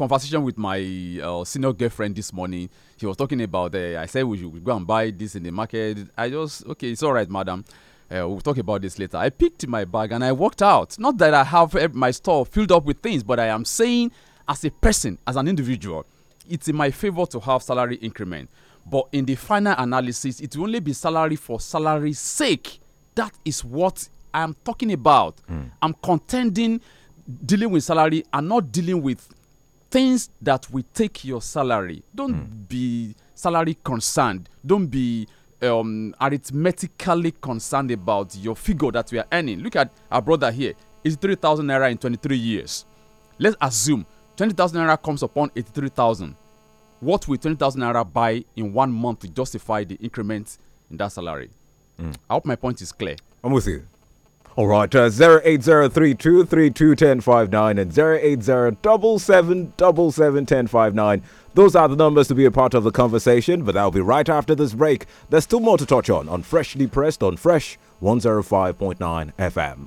conversation with my uh, senior girlfriend this morning. She was talking about. Uh, I said we should go and buy this in the market. I just okay, it's all right, madam. Uh, we'll talk about this later. I picked my bag and I walked out. Not that I have eh, my store filled up with things, but I am saying, as a person, as an individual, it's in my favor to have salary increment. But in the final analysis, it will only be salary for salary's sake. That is what I'm talking about. Mm. I'm contending dealing with salary and not dealing with things that will take your salary. Don't mm. be salary concerned. Don't be um, arithmetically concerned about your figure that we are earning. Look at our brother here. It's 3,000 naira in 23 years. Let's assume 20,000 naira comes upon 83,000. What will 20,000 naira buy in one month to justify the increment in that salary? Mm. I hope my point is clear. All right, uh, 08032321059 and 08077771059. Those are the numbers to be a part of the conversation, but that'll be right after this break. There's still more to touch on on Freshly Pressed on Fresh 105.9 FM.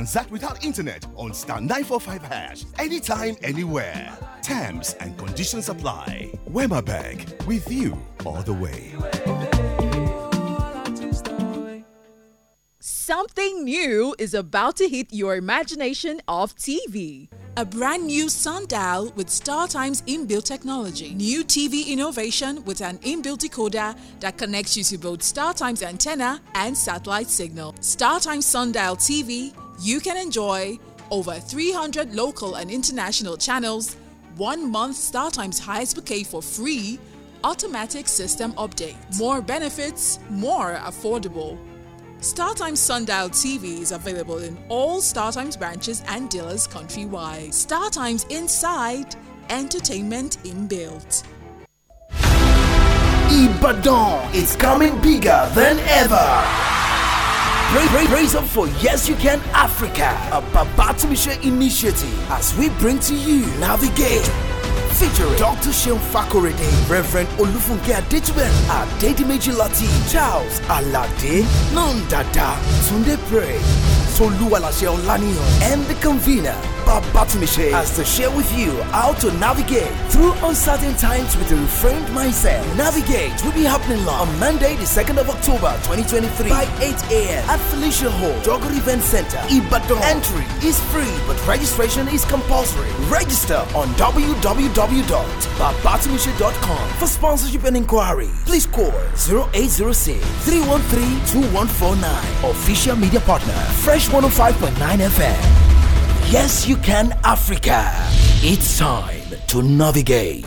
transact without internet on star 945 hash anytime, anywhere. Terms and conditions apply. Wema Bank, with you all the way. Something new is about to hit your imagination of TV. A brand new sundial with StarTime's inbuilt technology. New TV innovation with an inbuilt decoder that connects you to both StarTime's antenna and satellite signal. StarTimes Sundial TV you can enjoy over 300 local and international channels, one month StarTimes Highest Bouquet for free, automatic system update. More benefits, more affordable. StarTimes Sundial TV is available in all StarTimes branches and dealers countrywide. StarTimes Inside, entertainment inbuilt. Ibadan is coming bigger than ever. Praise, praise up for Yes You Can Africa, a Babatimisha initiative as we bring to you Navigate. Featuring Dr. Shem Fakorede, Reverend Olufunke Adetuben, Adedimeji Lati, Charles Alade, Nandada, Sunday Pray, Soluwalashe Olaniyan, and the convener, Abba Batumiche has to share with you how to navigate through uncertain times with a reframed mindset. Navigate will be happening on Monday, the 2nd of October 2023 by 8 a.m. at Felicia Hall, Jogger Event Center, Ibadan. Entry is free, but registration is compulsory. Register on www.babatumiche.com for sponsorship and inquiry. Please call 0806 313 2149. Official media partner, Fresh 105.9 FM. Yes, you can, Africa. It's time to navigate.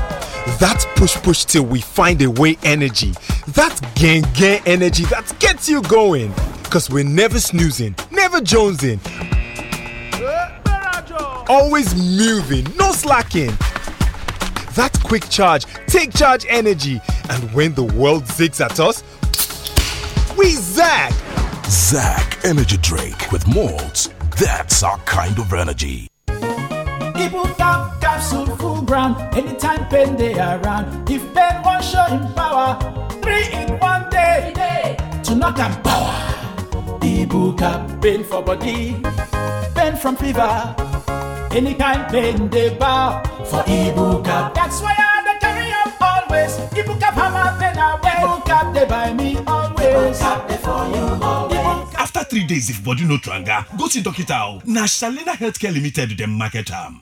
that push push till we find a way energy. That gang gang energy that gets you going. Cause we're never snoozing, never jonesing. Always moving, no slacking. That quick charge, take charge energy. And when the world zigs at us, we zag. zack Energy Drake with malts. That's our kind of energy ground. Anytime pen they around. If pain won't show him power, three in one day. day. To knock and power. Ibuka. Pain for body. Pain from fever. Any kind pain they bow for Ibuka. That's why I the carry up always. Ibuka hammer pain away. Ibuka they buy me always. Ibuka for you After three days, if body no tranga, go see doctor. Nash Salina Healthcare Limited, the market arm.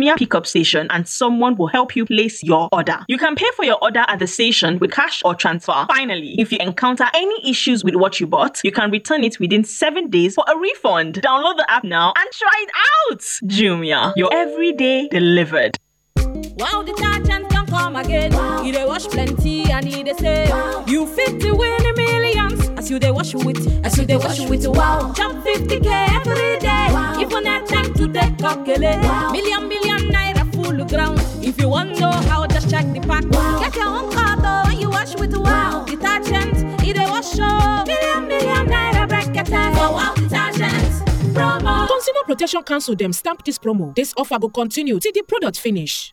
Jumia pickup station and someone will help you place your order. You can pay for your order at the station with cash or transfer. Finally, if you encounter any issues with what you bought, you can return it within 7 days for a refund. Download the app now and try it out. Jumia, your everyday delivered. Wow, the detergent can come again. Wow. You dey wash plenty I need dey say wow. you fit to win a millions as you dey wash with, as you dey wash with. Wow, jump 50k every day. Wow. If on that calculate. Wow. Million, billion naira full ground. If you want know how, just check the pack. Wow. Get your own car though, when you wash with wow, wow. detergent. It a wash show. Million, million naira bracket for wow detergent. Promo. Consumer Protection Council them stamp this promo. This offer will continue till the product finish.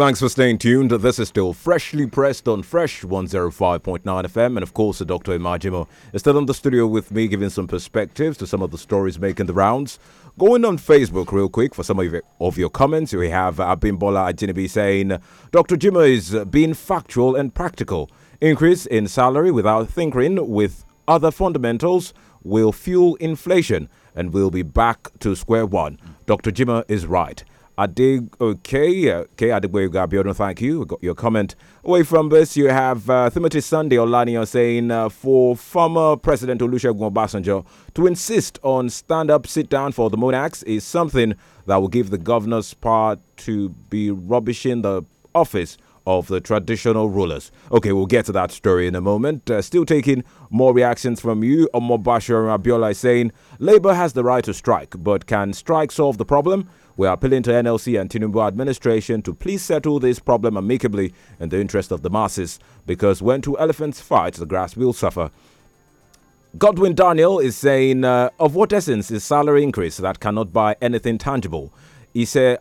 Thanks for staying tuned. This is still freshly pressed on Fresh 105.9 FM. And of course, Dr. Imajimo is still in the studio with me, giving some perspectives to some of the stories making the rounds. Going on Facebook real quick for some of your, of your comments. We have Abimbola Ajinibi saying, Dr. Jimo is being factual and practical. Increase in salary without thinking with other fundamentals will fuel inflation and we'll be back to square one. Dr. Jima is right. Adig, okay, okay, uh, Adigboyega Abiodun, thank you. We got your comment. Away from this, you have uh, Timothy Sunday Olaniyan saying uh, for former President Olusegun Obasanjo to insist on stand-up, sit-down for the monarchs is something that will give the governor's power to be rubbishing the office of the traditional rulers. Okay, we'll get to that story in a moment. Uh, still taking more reactions from you. Omobasha Abiola is saying Labour has the right to strike, but can strike solve the problem? We are appealing to NLC and Tinubu administration to please settle this problem amicably in the interest of the masses because when two elephants fight, the grass will suffer. Godwin Daniel is saying, uh, Of what essence is salary increase that cannot buy anything tangible? He said,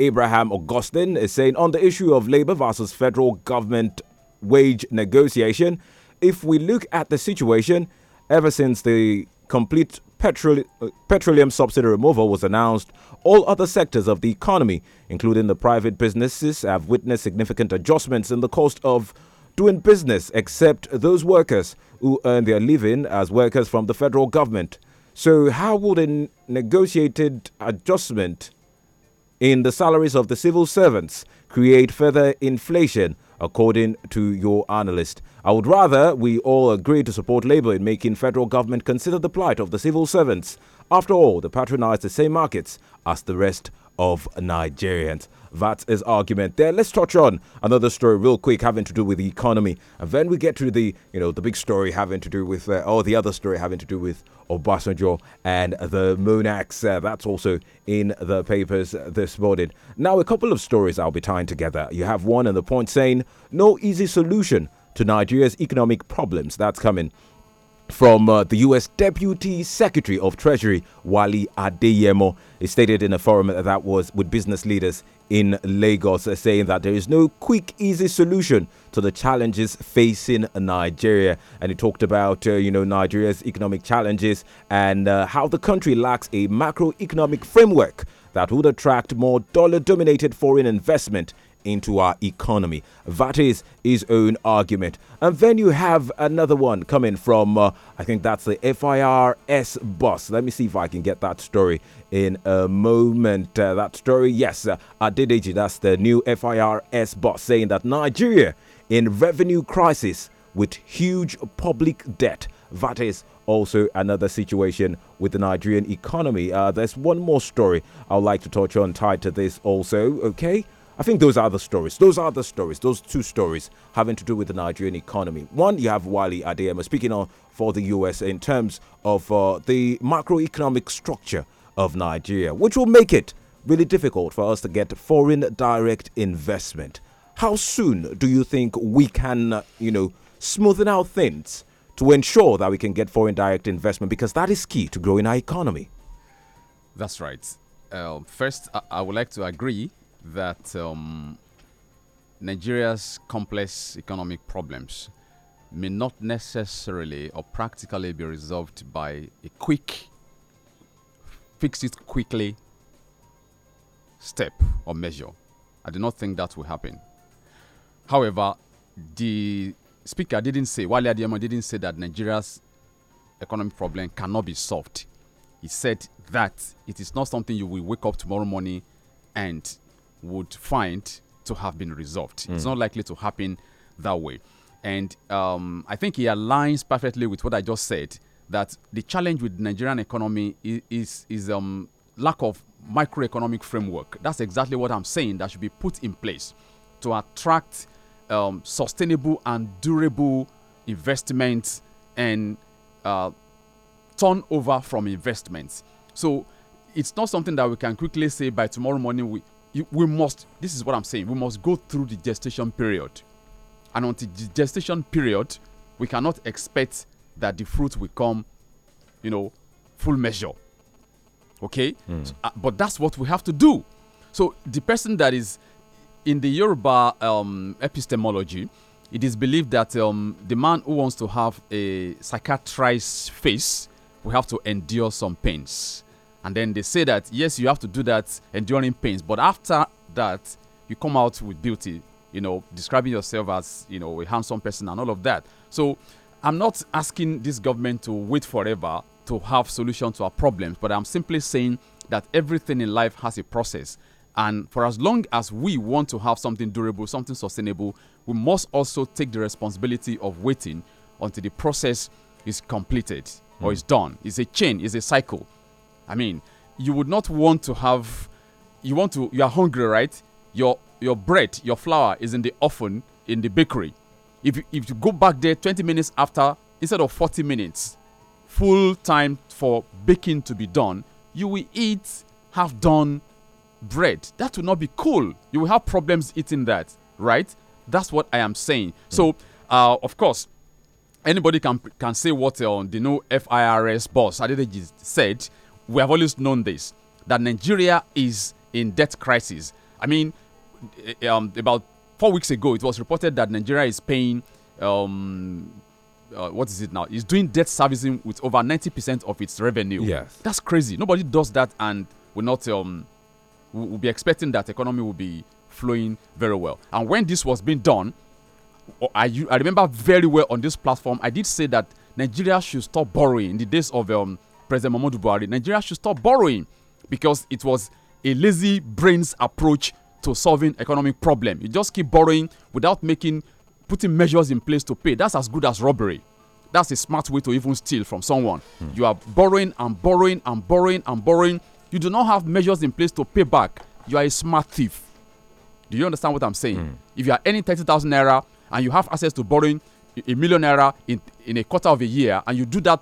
Abraham Augustine is saying, On the issue of labor versus federal government wage negotiation, if we look at the situation, ever since the complete petrol, uh, petroleum subsidy removal was announced, all other sectors of the economy, including the private businesses, have witnessed significant adjustments in the cost of doing business, except those workers who earn their living as workers from the federal government. So, how would a negotiated adjustment in the salaries of the civil servants create further inflation according to your analyst. I would rather we all agree to support Labour in making federal government consider the plight of the civil servants. After all, they patronise the same markets as the rest of Nigerians. That is argument there. Let's touch on another story real quick having to do with the economy. And then we get to the, you know, the big story having to do with, uh, or the other story having to do with Obasanjo and the Monax. Uh, that's also in the papers this morning. Now, a couple of stories I'll be tying together. You have one and the point saying, no easy solution to Nigeria's economic problems. That's coming from uh, the U.S. Deputy Secretary of Treasury Wali Adeyemo. It stated in a forum that was with business leaders in Lagos, saying that there is no quick, easy solution to the challenges facing Nigeria. And he talked about, uh, you know, Nigeria's economic challenges and uh, how the country lacks a macroeconomic framework that would attract more dollar dominated foreign investment into our economy. That is his own argument. And then you have another one coming from, uh, I think that's the FIRS boss. Let me see if I can get that story in a moment. Uh, that story, yes, uh, Adedeji, that's the new FIRS boss, saying that Nigeria in revenue crisis with huge public debt. That is also another situation with the Nigerian economy. Uh, there's one more story I'd like to touch on tied to this also, okay? I think those are the stories. Those are the stories. Those two stories having to do with the Nigerian economy. One, you have Wali Adeyemo speaking on for the US in terms of uh, the macroeconomic structure of Nigeria, which will make it really difficult for us to get foreign direct investment. How soon do you think we can, uh, you know, smoothen out things to ensure that we can get foreign direct investment? Because that is key to growing our economy. That's right. Um, first, I, I would like to agree that um, Nigeria's complex economic problems may not necessarily or practically be resolved by a quick, fix it quickly step or measure. I do not think that will happen. However, the speaker didn't say, Wale Adeyemo didn't say that Nigeria's economic problem cannot be solved. He said that it is not something you will wake up tomorrow morning and would find to have been resolved. Mm. It's hmm. not likely to happen that way. And um, I think he aligns perfectly with what I just said that the challenge with Nigerian economy is, is, is um, lack of microeconomic framework. That's exactly what I'm saying that should be put in place to attract um, sustainable and durable investments and uh, turnover from investments. So it's not something that we can quickly say by tomorrow morning we, we must, this is what I'm saying, we must go through the gestation period. And until the gestation period, we cannot expect that the fruit will come, you know, full measure. Okay? Mm. So, uh, but that's what we have to do. So the person that is in the Yoruba um, epistemology, it is believed that um, the man who wants to have a psychiatrist's face will have to endure some pains. And then they say that, yes, you have to do that enduring pains, but after that, you come out with beauty, you know, describing yourself as, you know, a handsome person and all of that. So I'm not asking this government to wait forever to have solutions to our problems, but I'm simply saying that everything in life has a process. And for as long as we want to have something durable, something sustainable, we must also take the responsibility of waiting until the process is completed mm. or hmm. is done. It's a chain, it's a cycle. I mean, you would not want to have you want to you are hungry, right? Your your bread, your flour is in the oven in the bakery. If you, if you go back there 20 minutes after instead of 40 minutes, full time for baking to be done, you will eat half done bread. That will not be cool. You will have problems eating that, right? That's what I am saying. Hmm. So, uh, of course, anybody can can say what uh, the new FIRS boss Adedeji said we have always known this that Nigeria is in debt crisis. I mean, eh, um, about four weeks ago, it was reported that Nigeria is paying. Um, uh, what is it now? It's doing debt servicing with over 90% of its revenue. Yes. That's crazy. Nobody does that and we're not um will be expecting that economy will be flowing very well. And when this was being done, oh, I, I remember very well on this platform, I did say that Nigeria should stop borrowing in the days of um, President Muhammadu Buhari, Nigeria should stop borrowing because it was a lazy brains approach to solving economic problem. You just keep borrowing without making putting measures in place to pay. That's as good as robbery. That's a smart way to even steal from someone. Mm. You are borrowing and borrowing and borrowing and borrowing. You do not have measures in place to pay back. You are a smart thief. Do you understand what I'm saying? Mm. If you are earning 30,000 naira and you have access to borrowing a million naira in, in a quarter of a year and you do that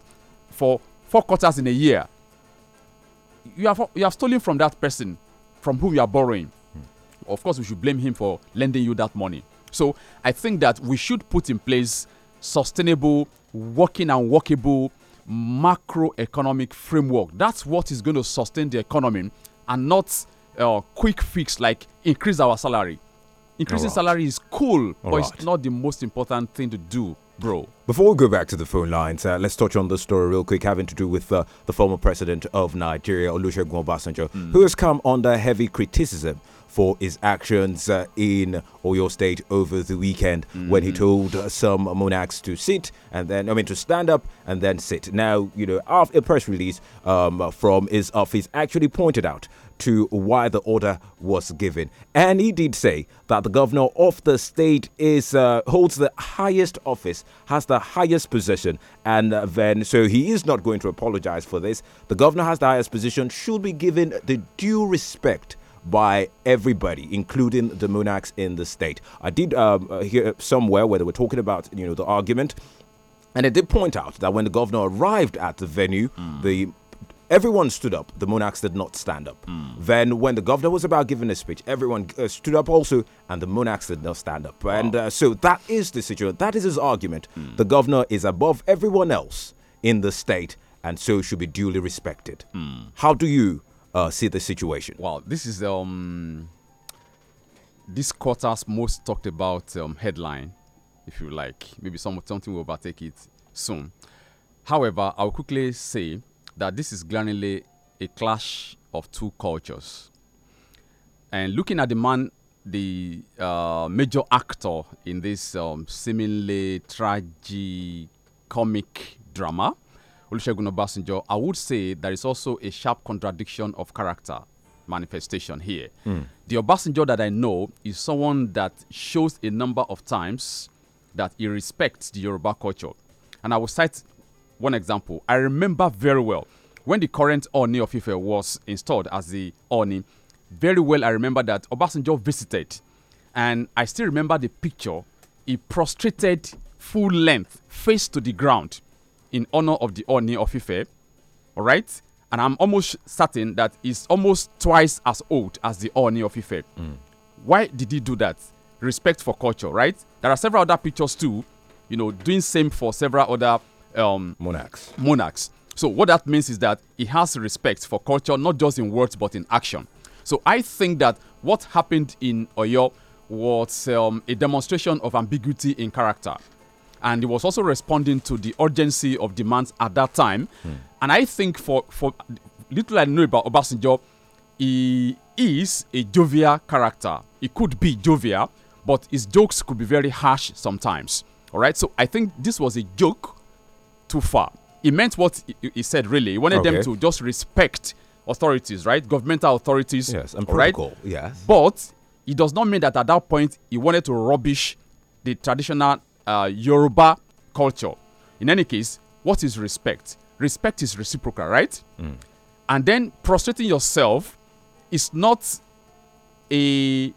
for four quarters in a year, you have you have stolen from that person from whom you are borrowing. Hmm. Of course, we should blame him for lending you that money. So I think that we should put in place sustainable, working and workable macroeconomic framework. That's what is going to sustain the economy and not a uh, quick fix like increase our salary. Increasing right. salary is cool, All but right. it's not the most important thing to do bro. Before we go back to the phone lines, uh, let's touch on the story real quick, having to do with uh, the former president of Nigeria, Olusegun Obasanjo, mm. who has come under heavy criticism for his actions uh, in Oyo State over the weekend mm. when he hmm. told uh, some monarchs to sit and then, I mean, to stand up and then sit. Now, you know, after a press release um, from his office actually pointed out to why the order was given. And he did say that the governor of the state is uh, holds the highest office, has the highest position, and uh, then so he is not going to apologize for this. The governor has the highest position, should be given the due respect by everybody, including the monarchs in the state. I did um, hear somewhere where they were talking about you know the argument. And it did point out that when the governor arrived at the venue, mm. the Everyone stood up. The monarchs did not stand up. Mm. Then, when the governor was about giving a speech, everyone uh, stood up also, and the monarchs did not stand up. Wow. And uh, so that is the situation. That is his argument. Mm. The governor is above everyone else in the state, and so should be duly respected. Mm. How do you uh, see the situation? Well, this is um, this quarter's most talked about um, headline, if you like. Maybe some something will overtake it soon. However, I'll quickly say that this is glaringly a clash of two cultures. And looking at the man, the uh, major actor in this um, seemingly tragicomic comic drama, Olusegun Obasanjo, I would say there is also a sharp contradiction of character manifestation here. Mm. The Obasanjo that I know is someone that shows a number of times that he respects the Yoruba culture. And I will cite one example, I remember very well when the current Oni of Ife was installed as the Oni. Very well, I remember that Obasanjo visited, and I still remember the picture. He prostrated full length, face to the ground, in honor of the Oni of Ife. All right, and I'm almost certain that he's almost twice as old as the Oni of Ife. Mm. Why did he do that? Respect for culture, right? There are several other pictures too, you know, doing same for several other um, monarchs. Monarchs. So what that means is that he has respect for culture, not just in words but in action. So I think that what happened in Oyo was um, a demonstration of ambiguity in character. And he was also responding to the urgency of demands at that time. Hmm. And I think for, for little I know about Obasanjo, he is a jovial character. He could be jovial, but his jokes could be very harsh sometimes. All right, so I think this was a joke too far. He meant what he, said, really. He wanted okay. them to just respect authorities, right? Governmental authorities. Yes, and protocol. Right? Yes. But it does not mean that at that point he wanted to rubbish the traditional uh, Yoruba culture. In any case, what is respect? Respect is reciprocal, right? Mm. And then prostrating yourself is not a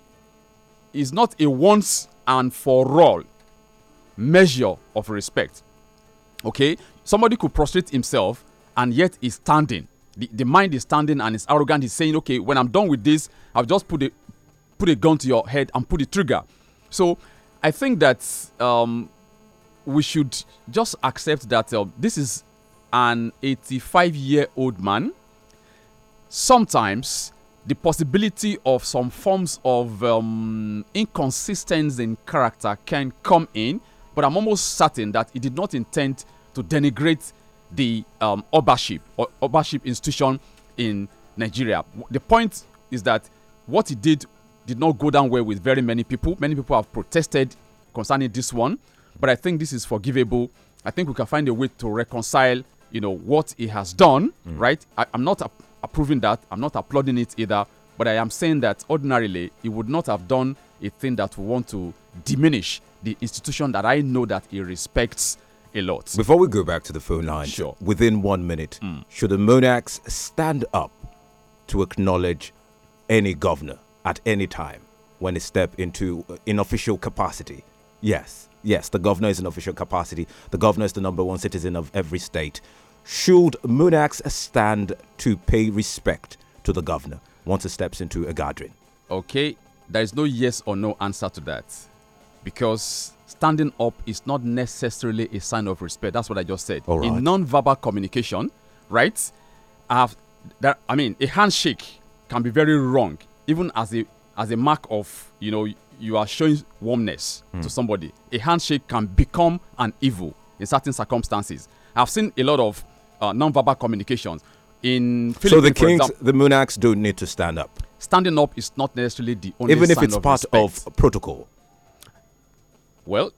is not a once and for all measure of respect. Okay? Somebody could prostrate himself and yet is standing. The, the mind is standing and is arrogant. He's saying, okay, when I'm done with this, I've just put a, put a gun to your head and put the trigger. So I think that um, we should just accept that uh, this is an 85 year old man. Sometimes the possibility of some forms of um, inconsistency in character can come in, but I'm almost certain that he did not intend to denigrate the um, Obership or Obership institution in Nigeria. The point is that what he did did not go down well with very many people. Many people have protested concerning this one, but I think this is forgivable. I think we can find a way to reconcile, you know, what he has done, mm. right? I, am not approving that. I'm not applauding it either, but I am saying that ordinarily he would not have done a thing that we want to diminish the institution that I know that he respects a lot. Before we go back to the phone line, sure. within one minute, mm. should the monarchs stand up to acknowledge any governor at any time when they step into an uh, official capacity? Yes, yes, the governor is in official capacity. The governor is the number one citizen of every state. Should monarchs stand to pay respect to the governor once he steps into a gathering? Okay, there is no yes or no answer to that because standing up is not necessarily a sign of respect. That's what I just said. Right. In non-verbal communication, right? Uh, that, I mean, a handshake can be very wrong, even as a as a mark of you know you are showing warmness mm. to hmm. somebody. A handshake can become an evil in certain circumstances. I've seen a lot of uh, non-verbal communications in. so the kings, example, the monarchs, don't need to stand up. Standing up is not necessarily the only. Even if it's of part respect. of protocol. Well,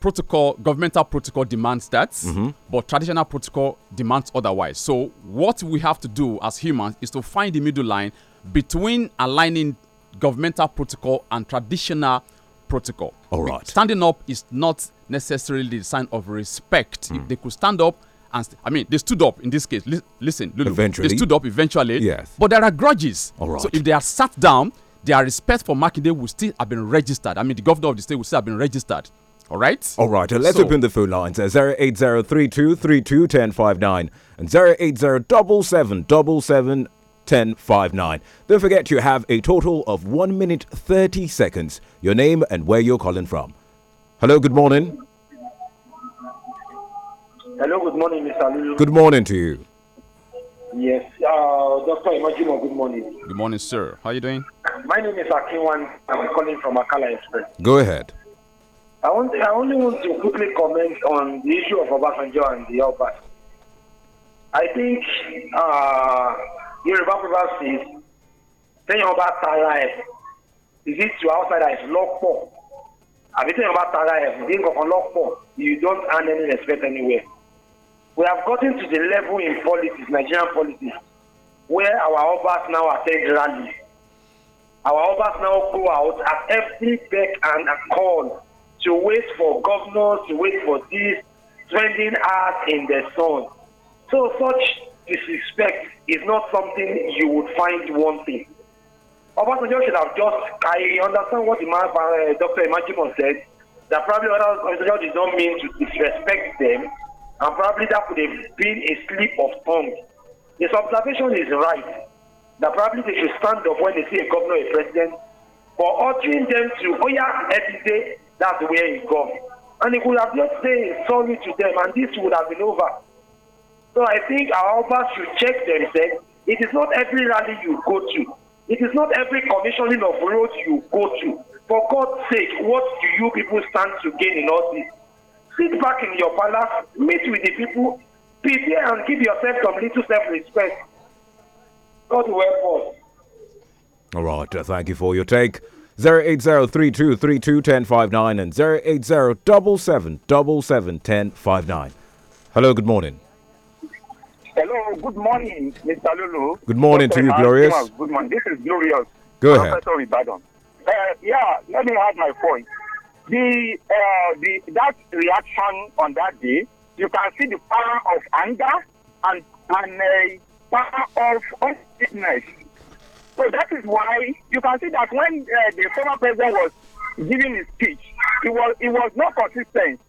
protocol, governmental protocol demands that, mm -hmm. but traditional protocol demands otherwise. So, what we have to do as humans is to find the middle line between aligning governmental protocol and traditional protocol. All right. Standing up is not necessarily the sign of respect. Mm. If they could stand up and I mean, they stood up in this case. Li listen, Lulu, eventually. they stood up eventually. Yes. But there are grudges. All right. So if they are sat down, their respect for Makinde will still have been registered. I mean, the governor of the state will still have been registered. All right. All right. let's so, open the phone lines. Uh, 08032321059 and 08077771059. Don't forget you have a total of 1 minute 30 seconds. Your name and where you're calling from. Hello, good morning. Hello, good morning, Mr. Lulu. Good morning to you. Yes, uh, Dr. Imajimo, good morning. Good morning, sir. How are you doing? My name is Akinwan. I'm calling from Akala Express. Go ahead. I, want, I only want to quickly comment on the issue of Obasanjo and the Oba. I think uh, Yoruba proverb says, tẹ́yìn ọba tara ẹ̀ ìdí tí outside I've àbí tẹ́yìn ọba tara being ìdí nǹkan you don't earn any respect anywhere. We have gotten to the level in politics, Nigerian politics, where our Obas now attend rallies Our Obas now go out at every beck and a call to wait for governors, to wait for this, spending hours in the sun. So such disrespect is not something you would find wanting. Obasanjo should have just, I understand what the man, uh, Dr. Imajimon said, that probably Obasanjo did not mean to disrespect them, and probably that could have been a slip of tongue. His observation is right that probably they should stand up when they see a governor or a president for ordering them to oya oh, every day that's where he come and he could have just say sorry to them and this would have been over so i think our obas should check themselves it is not every rally you go to it is not every commissioning of roads you go to for God's sake what do you people stand to gain in all this sit back in your palace meet with the people prepare and give yourself some little self respect God help All right, uh, thank you for your take. three two ten five nine and double seven ten five nine. Hello, good morning. Hello, good morning, Mr. Lulu. Good morning Dr. to you, Glorious. Good morning. This is Glorious. Go ahead. Professor Ibadan. Uh, yeah, let me add my point. The, uh, the that reaction on that day, you can see the power of anger and and uh, power of unfitness. So that is why you can see that when uh, the former president was giving his speech, it was it was not consistent.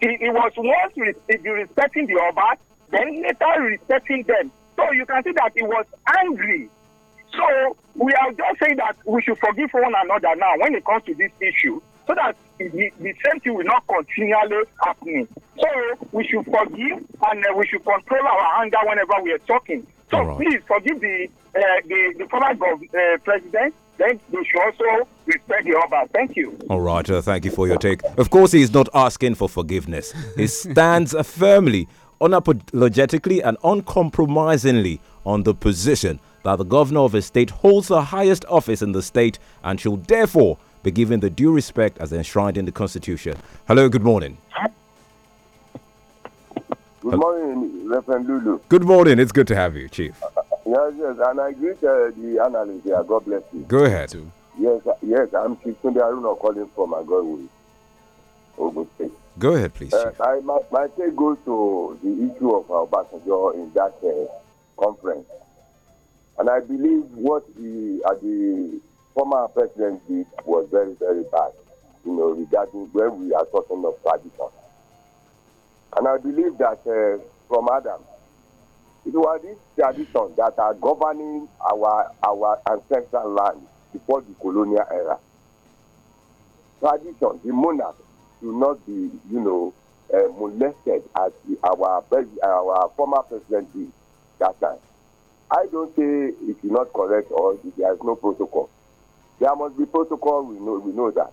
He was once re- respecting the Oba, then later respecting them. So you can see that he was angry. So we are just saying that we should forgive one another now when it comes to this issue so that the, the same thing will not continually happen. So we should forgive and uh, we should control our anger whenever we are talking. So right. please forgive the uh, the, the former uh, president. Then we should also respect the other. Thank you. All right. Uh, thank you for your take. Of course, he is not asking for forgiveness. he stands firmly, unapologetically, and uncompromisingly on the position that the governor of a state holds the highest office in the state and should therefore be given the due respect as enshrined in the Constitution. Hello, good morning. Good morning, Reverend Lulu. Good morning. It's good to have you, Chief. Yes, yes, and I greet uh, the analyst here. God bless you. Go ahead. Yes, uh, yes, I'm Sunday Aruna calling from my Ogun State. Go ahead, please. Uh, I, my, my take goes to the issue of our Obasanjo in that uh, conference. And I believe what the, at the former president did was very, very bad, you know, regarding when we are talking of tradition. And I believe that uh, from Adam, it was this tradition that are governing our, our ancestral land before the colonial era. Tradition, the monarch, should not be, you know, uh, molested as the, our, our former president did that time. I don't say it is not correct or there is no protocol. There must be protocol. We know we know that.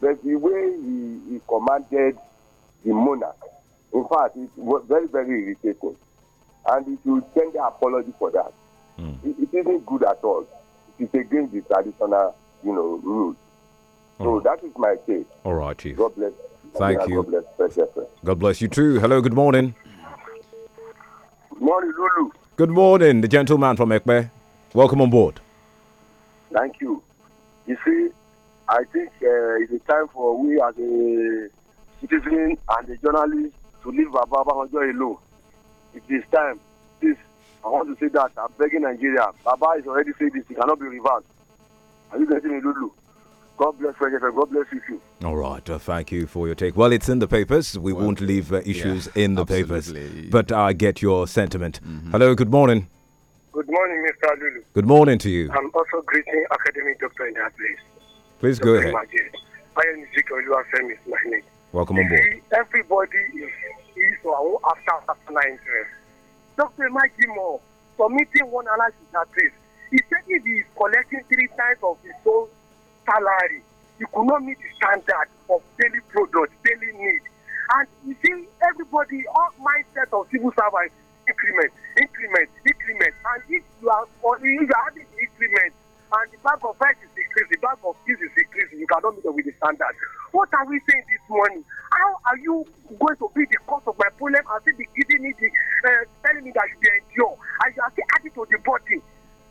But the way he, he commanded the monarch, in fact, it was very very irritating, and he should send an apology for that. Mm. It, it isn't good at all. It is against the traditional, you know, rules. So that is my case. All right, Chief. God bless. Thank you. God bless. God bless you too. Hello. Good morning. Good morning, Lulu. Good morning, the gentleman from Ekpe. Welcome on board. Thank you. You see, I think uh, it's time for we as a citizen and a journalist to leave Baba Obasanjo alone. It is time. Please, I want to say that I'm begging Nigeria. Baba is already said this. It cannot be reversed. Are you getting me, Lulu? God bless Fresh God bless you. All right. Uh, thank you for your take. Well, it's in the papers. We well, won't leave uh, issues yeah, in the absolutely. papers. But I get your sentiment. Mm -hmm. Hello. Good morning. Good morning, Mr. Lulu. Good morning to you. I'm also greeting academic doctor in that place. Please Dr. go ahead. is my name. Welcome aboard. Everybody is, is after personal interest. Dr. Majimo, submitting one analysis in that place, he said if he is collecting three times of his own salary, he could not meet the standard of daily product, daily need. And you see, everybody, all mindset of civil servants increment, increment, increment. And if you are on you are having increment and the bank of rice is increasing, the bank of peas is increasing, you cannot meet up with the standard. What are we saying this morning? How are you going to be the cause of my problem and still be giving me the uh, telling me that I should be endure? And you are still adding to the body.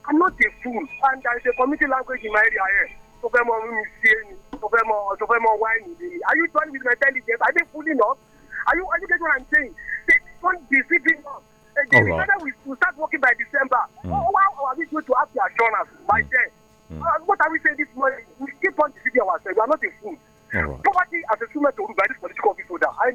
I'm not a fool. And there is a community language in my area here. So fẹ́ mọ so so wáìnì Are you joining with my intelligence? Are they fooling us? Are you, are you getting what I'm saying? They don't deceiving us again. All right. Whether we, we start working by December, mm. how, are we going to have the assurance by mm. then? Mm. Uh, what are we saying this morning? We keep on deceiving ourselves. We are not a fool. Nobody oh, has a instrument to rule by this political people that I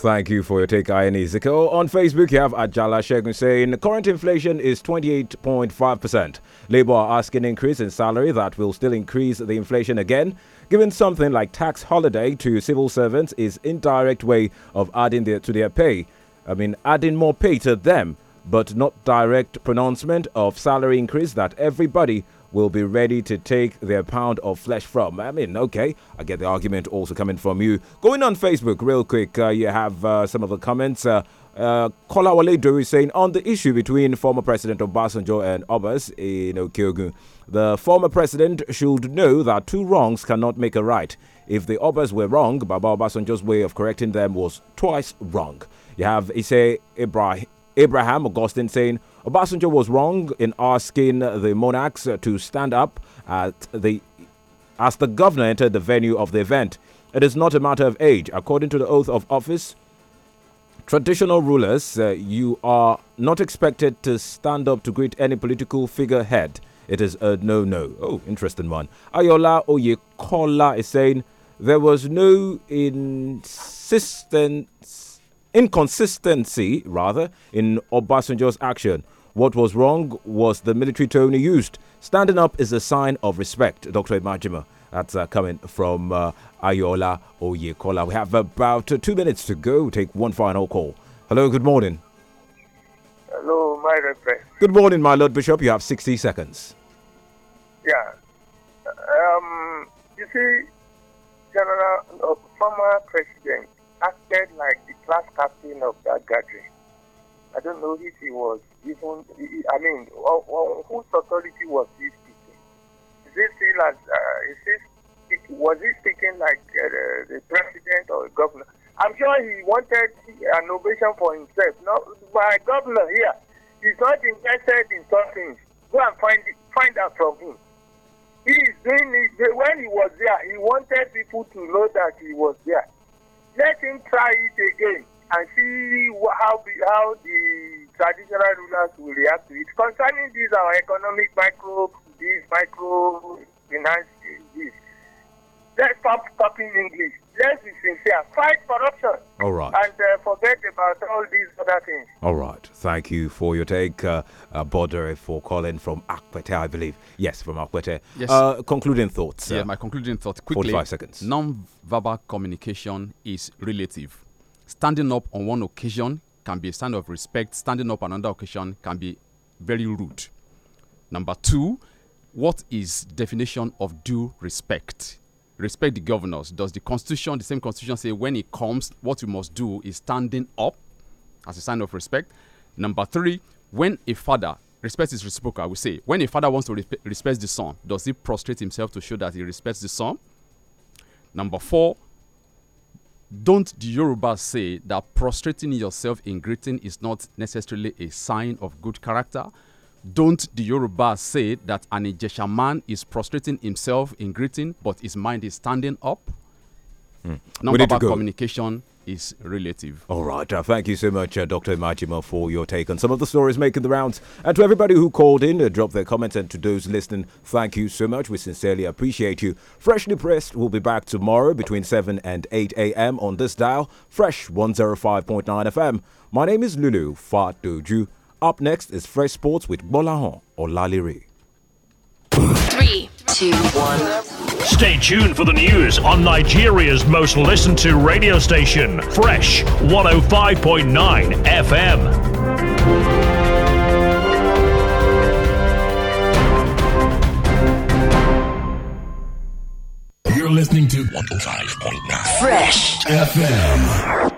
Thank you for your take, Ian On Facebook, you have Ajala Shegun saying current inflation is 28.5%. Labour are asking increase in salary that will still increase the inflation again. Giving something like tax holiday to civil servants is indirect way of adding their, to their pay. I mean, adding more pay to them, but not direct pronouncement of salary increase that everybody will be ready to take their pound of flesh from. I mean, okay, I get the argument also coming from you. Going on Facebook, real quick, uh, you have uh, some of the comments. Uh, uh, Kolawale Duru saying on the issue between former President Obasanjo and Obas in Okyogun, the former president should know that two wrongs cannot make a right. If the Obas were wrong, Baba Obasanjo's way of correcting them was twice wrong. You have Ise Ibrahim. Abraham Augustine saying Obasanjo was wrong in asking the monarchs to stand up at the as the governor entered the venue of the event. It is not a matter of age. According to the oath of office, traditional rulers, uh, you are not expected to stand up to greet any political figurehead. It is a no no. Oh, interesting one. Ayola Oyekola is saying there was no insistence inconsistency, rather, in Obasanjo's action. What was wrong was the military tone he used. Standing up is a sign of respect, Dr. Imajima. That's uh, coming from uh, Ayola Oyekola. We have about uh, two minutes to go. Take one final call. Hello, good morning. Hello, my reverend. Good morning, my Lord Bishop. You have 60 seconds. Yeah. Um, you see, General, uh, former president acted like the class captain of that gathering. I don't know if he was even, I mean, whose authority was he speaking? Is he still as, uh, is he was he speaking like uh, the president or the governor? I'm sure he wanted an ovation for himself. No, my governor here, he's not interested in something. Go and find, it, find out from him. He is doing it. When he was there, he wanted people to know that he was there let him try it again and see how how the traditional rulers will react to it. Concerning this, our economic micro, this micro finance, this Let's stop talking English. Let's be sincere. Fight corruption. All right. And uh, forget about all these other things. All right. Thank you for your take, uh, uh Border, for calling from Akwete, I believe. Yes, from Akwete. Yes. Uh, concluding thoughts. Yeah, uh, my concluding thoughts. quickly. 45 seconds. Non-verbal communication is relative. Standing up on one occasion can be a sign of respect. Standing up on another occasion can be very rude. Number two, what is definition of due respect? respect the governors. Does the constitution, the same constitution, say when it comes, what you must do is standing up as a sign of respect? Number three, when a father respects his reciprocal, I would say when a father wants to respect the son, does he prostrate himself to show that he respects the son? Number four, don't the Yorubas say that prostrating yourself in greeting is not necessarily a sign of good character? Don't the Yoruba say that an Ijesha man is prostrating himself in greeting, but his mind is standing up? Mm. Nonverbal communication is relative. All right. Uh, thank you so much, uh, Dr. Majima, for your take on some of the stories making the rounds. And to everybody who called in, uh, dropped their comments, and to those listening, thank you so much. We sincerely appreciate you. Freshly Pressed will be back tomorrow between 7 and 8 a.m. on this dial, Fresh 105.9 FM. My name is Lulu Fatuju. Up next is Fresh Sports with Bolahon Lalire. Three, two, one. Stay tuned for the news on Nigeria's most listened to radio station, Fresh 105.9 FM. You're listening to 105.9 Fresh FM.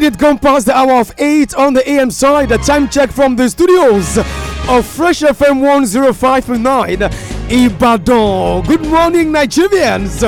minute gone past the hour of 8 on the AM side. A time check from the studios of Fresh FM 105.9 Ibadan. Good morning, Nigerians.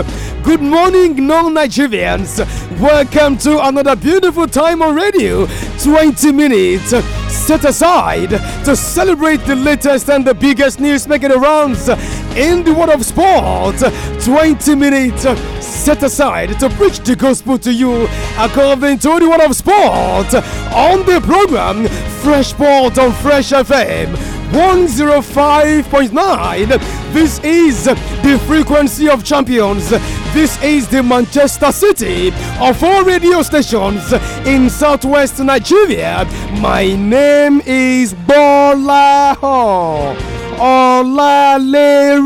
Good morning, non Nigerians. Welcome to another beautiful time on radio. 20 minutes set aside to celebrate the latest and the biggest news making the rounds in the world of sports. 20 minutes set aside to preach the gospel to you according to the world of sports on the program Fresh Sport on Fresh FM 105.9. This is the frequency of champions. This is the Manchester City of all radio stations in southwest Nigeria. My name is Bola Ho. Olalere.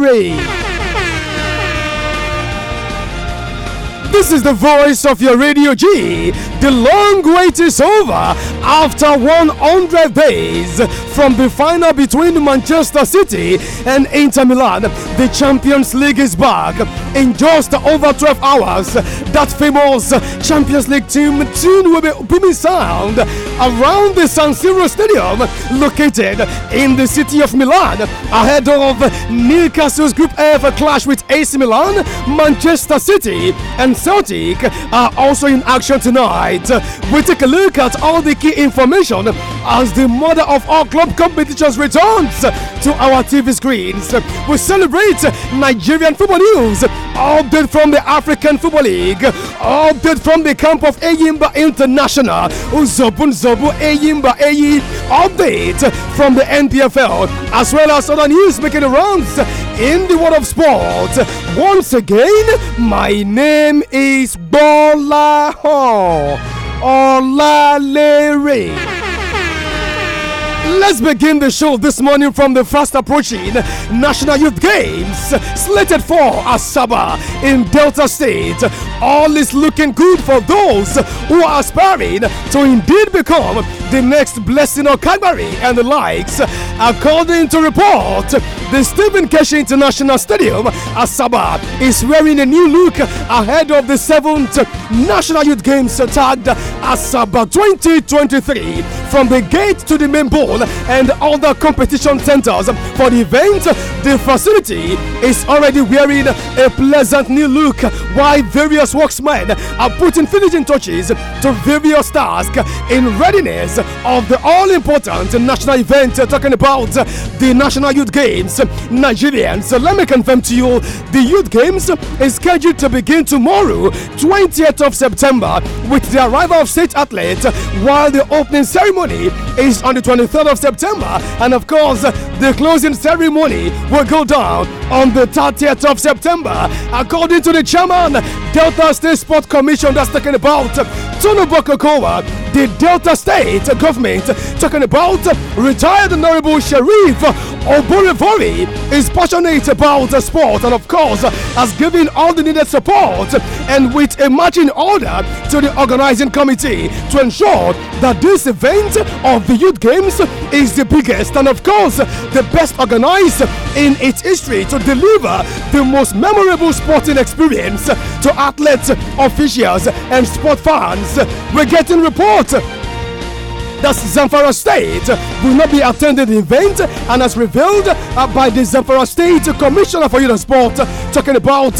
This is the voice of your Radio G the long wait is over after 100 days from the final between Manchester City and Inter Milan. The Champions League is back in just over 12 hours. That famous Champions League team tune will be booming sound around the San Siro Stadium located in the city of Milan ahead of Newcastle's Group F clash with AC Milan, Manchester City and Celtic are also in action tonight. Uh, we take a look at all the key information as the mother of all club competitions returns to our TV screens. We celebrate Nigerian football news, update from the African Football League, update from the camp of Ayimba International, Uzobun Zobu Eyimba Eyi, update from the NPFL, as well as other news making the rounds in the world of sport. Once again, my name is Bola Ho. Olalere. Let's begin the show this morning from the fast approaching National Youth Games slated for Asaba in Delta State. All is looking good for those who are aspiring to indeed become the next blessing of Calgary and the likes. According to report, the Stephen Keshi International Stadium, Asaba, is wearing a new look ahead of the seventh National Youth Games tagged Asaba 2023 from the gate to the main bowl and other competition centers for the event. The facility is already wearing a pleasant new look while various worksmen are putting finishing touches to various tasks in readiness of the all important national event. Talking about the National Youth Games, Nigerians, let me confirm to you the Youth Games is scheduled to begin tomorrow, 20th of September, with the arrival of state athletes while the opening ceremony ceremony is on the 23rd of September, and of course, the closing ceremony will go down on the 30th of September, according to the chairman, Delta State Sport Commission. That's talking about Tunubokokowa the Delta State government, talking about retired Honorable Sharif Oborevori, is passionate about the sport and, of course, has given all the needed support and with a marching order to the organizing committee to ensure that this event of the Youth Games is the biggest and, of course, the best organized in its history to deliver the most memorable sporting experience to athletes, officials, and sport fans. We're getting reports result, the Zamfara State will not be attending the event and as revealed uh, by the Zamfara State Commissioner for Youth and Sport talking about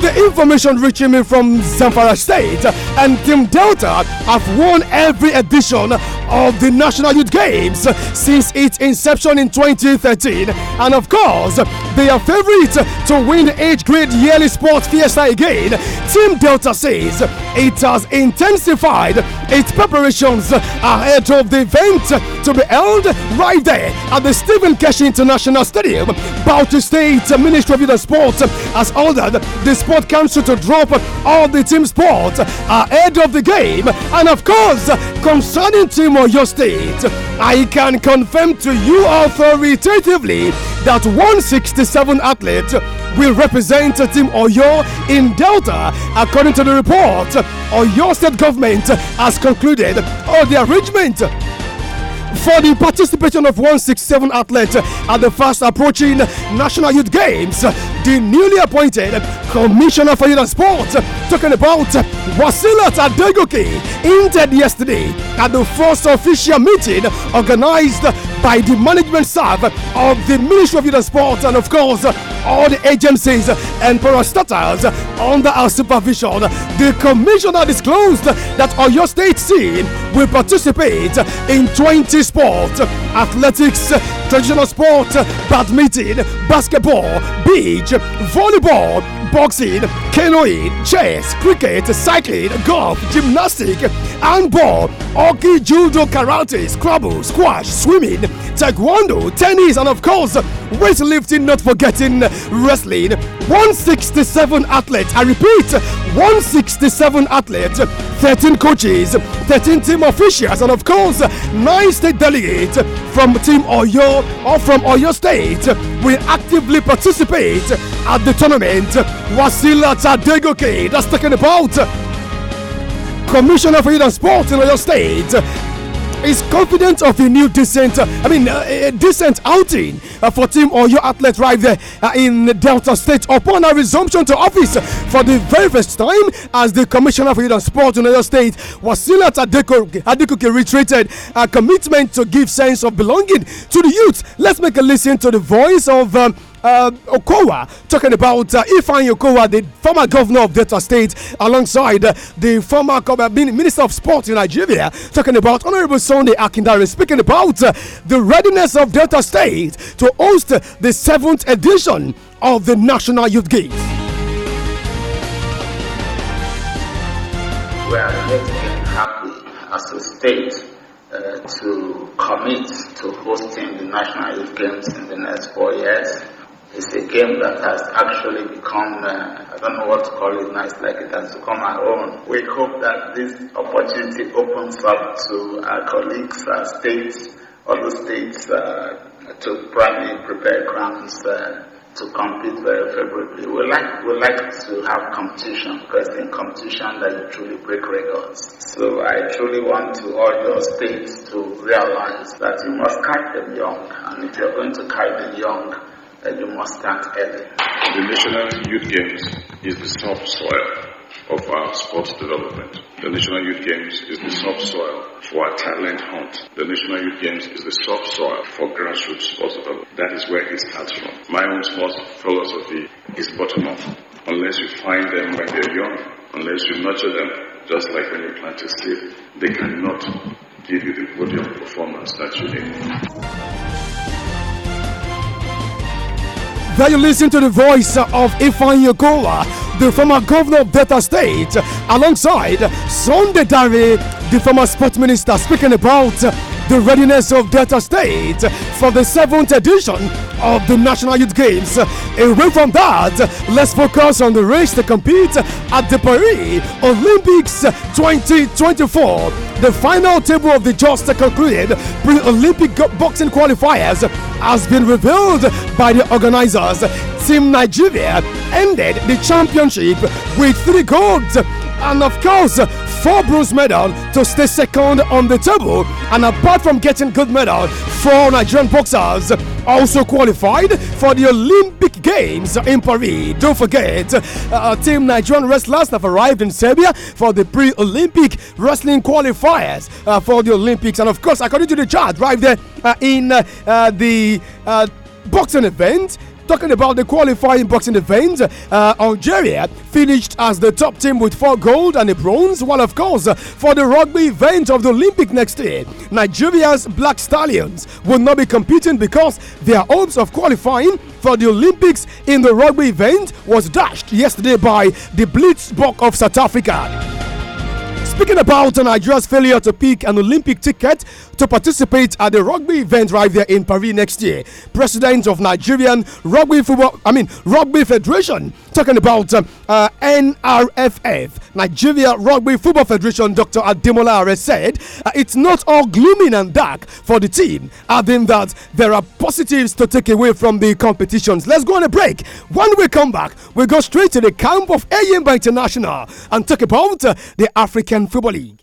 the information reaching me from Zamfara State and Team Delta have won every edition of the National Youth Games since its inception in 2013. And of course, they are favorite to win age 8th grade yearly sports fiesta again. Team Delta says it has intensified its preparations ahead of the event to be held right there at the Stephen Keshi International Stadium. Bauchi State Ministry of Youth and Sport has ordered the Sport Council to drop all the team sports ahead of the game. And of course, concerning team your State, I can confirm to you authoritatively that 167 athletes will represent Team Oyo in Delta. According to the report, Oyo State government has concluded all oh, the arrangement for the participation of 167 athletes at the fast approaching National Youth Games. The newly appointed Commissioner for Youth and Sport, talking about Wasila Tadegoke, hinted yesterday at the first official meeting organized by the management staff of the Ministry of Youth and Sports and, of course, all the agencies and parastatals under our supervision. The commissioner disclosed that Oyo State team will participate in 20 sports, athletics, traditional sport, badminton, basketball, beach, volleyball, boxing, canoeing, chess, cricket, cycling, golf, gymnastics, handball, hockey, judo, karate, scrabble, squash, swimming, taekwondo, tennis, and of course, weightlifting, not forgetting wrestling. 167 athletes, I repeat, 167 athletes, 13 coaches, 13 team officials, and of course, 9 state delegates from Team Oyo or from Oyo State will actively participate at the tournament. Wasila Tadegoke, that's talking about Commissioner for Youth and Sport in Oyo State is confident of a new decent, uh, I mean, uh, a decent outing uh, for Team Oyo Athlete right there uh, in Delta State upon a resumption to office for the very first time as the Commissioner for Youth and Sport in Oyo State, Wasila Adekoke, retreated a commitment to give sense of belonging to the youth. Let's make a listen to the voice of. Um, uh, Okowa talking about uh, Ifan Okowa, the former governor of Delta State, alongside uh, the former uh, Minister of Sport in Nigeria, talking about Honorable Sunday Akindare, speaking about uh, the readiness of Delta State to host uh, the seventh edition of the National Youth Games. We are getting happy as a state uh, to commit to hosting the National Youth Games in the next four years. It's a game that has actually become, uh, I don't know what to call it nice like it has become our own. We hope that this opportunity opens up to our colleagues, our states, other states uh, to probably prepare grounds uh, to compete very favorably. We like we like to have competition because in competition that you truly break records. So I truly want to all your states to realize that you must catch them young, and if you're going to catch them young, and you must start early. The National Youth Games is the soft soil of our sports development. The National Youth Games is the soft soil for our talent hunt. The National Youth Games is the soft soil for grassroots sports development. That is where it starts from. My own sports philosophy is bottom up. Unless you find them when they're young, unless you nurture them, just like when you plant a seed, they cannot give you the podium performance that you need. That you listen to the voice of Ifan Yokola, the former governor of Delta State, alongside Sunday Dari, the former sports minister, speaking about the readiness of Delta State for the seventh edition of the National Youth Games. Away from that, let's focus on the race to compete at the Paris Olympics 2024. The final table of the just concluded pre Olympic boxing qualifiers has been revealed by the organizers. Team Nigeria ended the championship with three golds and, of course, four bronze medals to stay second on the table. And apart from getting good medals, four Nigerian boxers also qualified for the Olympic Games in Paris. Don't forget, uh, Team Nigerian wrestlers have arrived in Serbia for the pre Olympic wrestling qualifiers uh, for the Olympics. And of course, according to the chart right there uh, in uh, uh the uh, boxing event, Talking about the qualifying boxing event, uh, Algeria finished as the top team with four gold and a bronze, while, of course, for the rugby event of the Olympic next year, Nigeria's Black Stallions will not be competing because their hopes of qualifying for the Olympics in the rugby event was dashed yesterday by the Blitzbok of South Africa. Speaking about Nigeria's failure to pick an Olympic ticket to participate at the rugby event right there in Paris next year. President of Nigerian Rugby Football, I mean Rugby Federation, talking about NRF, uh, NRFF, Nigeria Rugby Football Federation, Dr. Ademola Are said, uh, it's not all gloomy and dark for the team, adding that there are positives to take away from the competitions. Let's go on a break. When we come back, we go straight to the camp of Ayimba International and talk about uh, the African Football League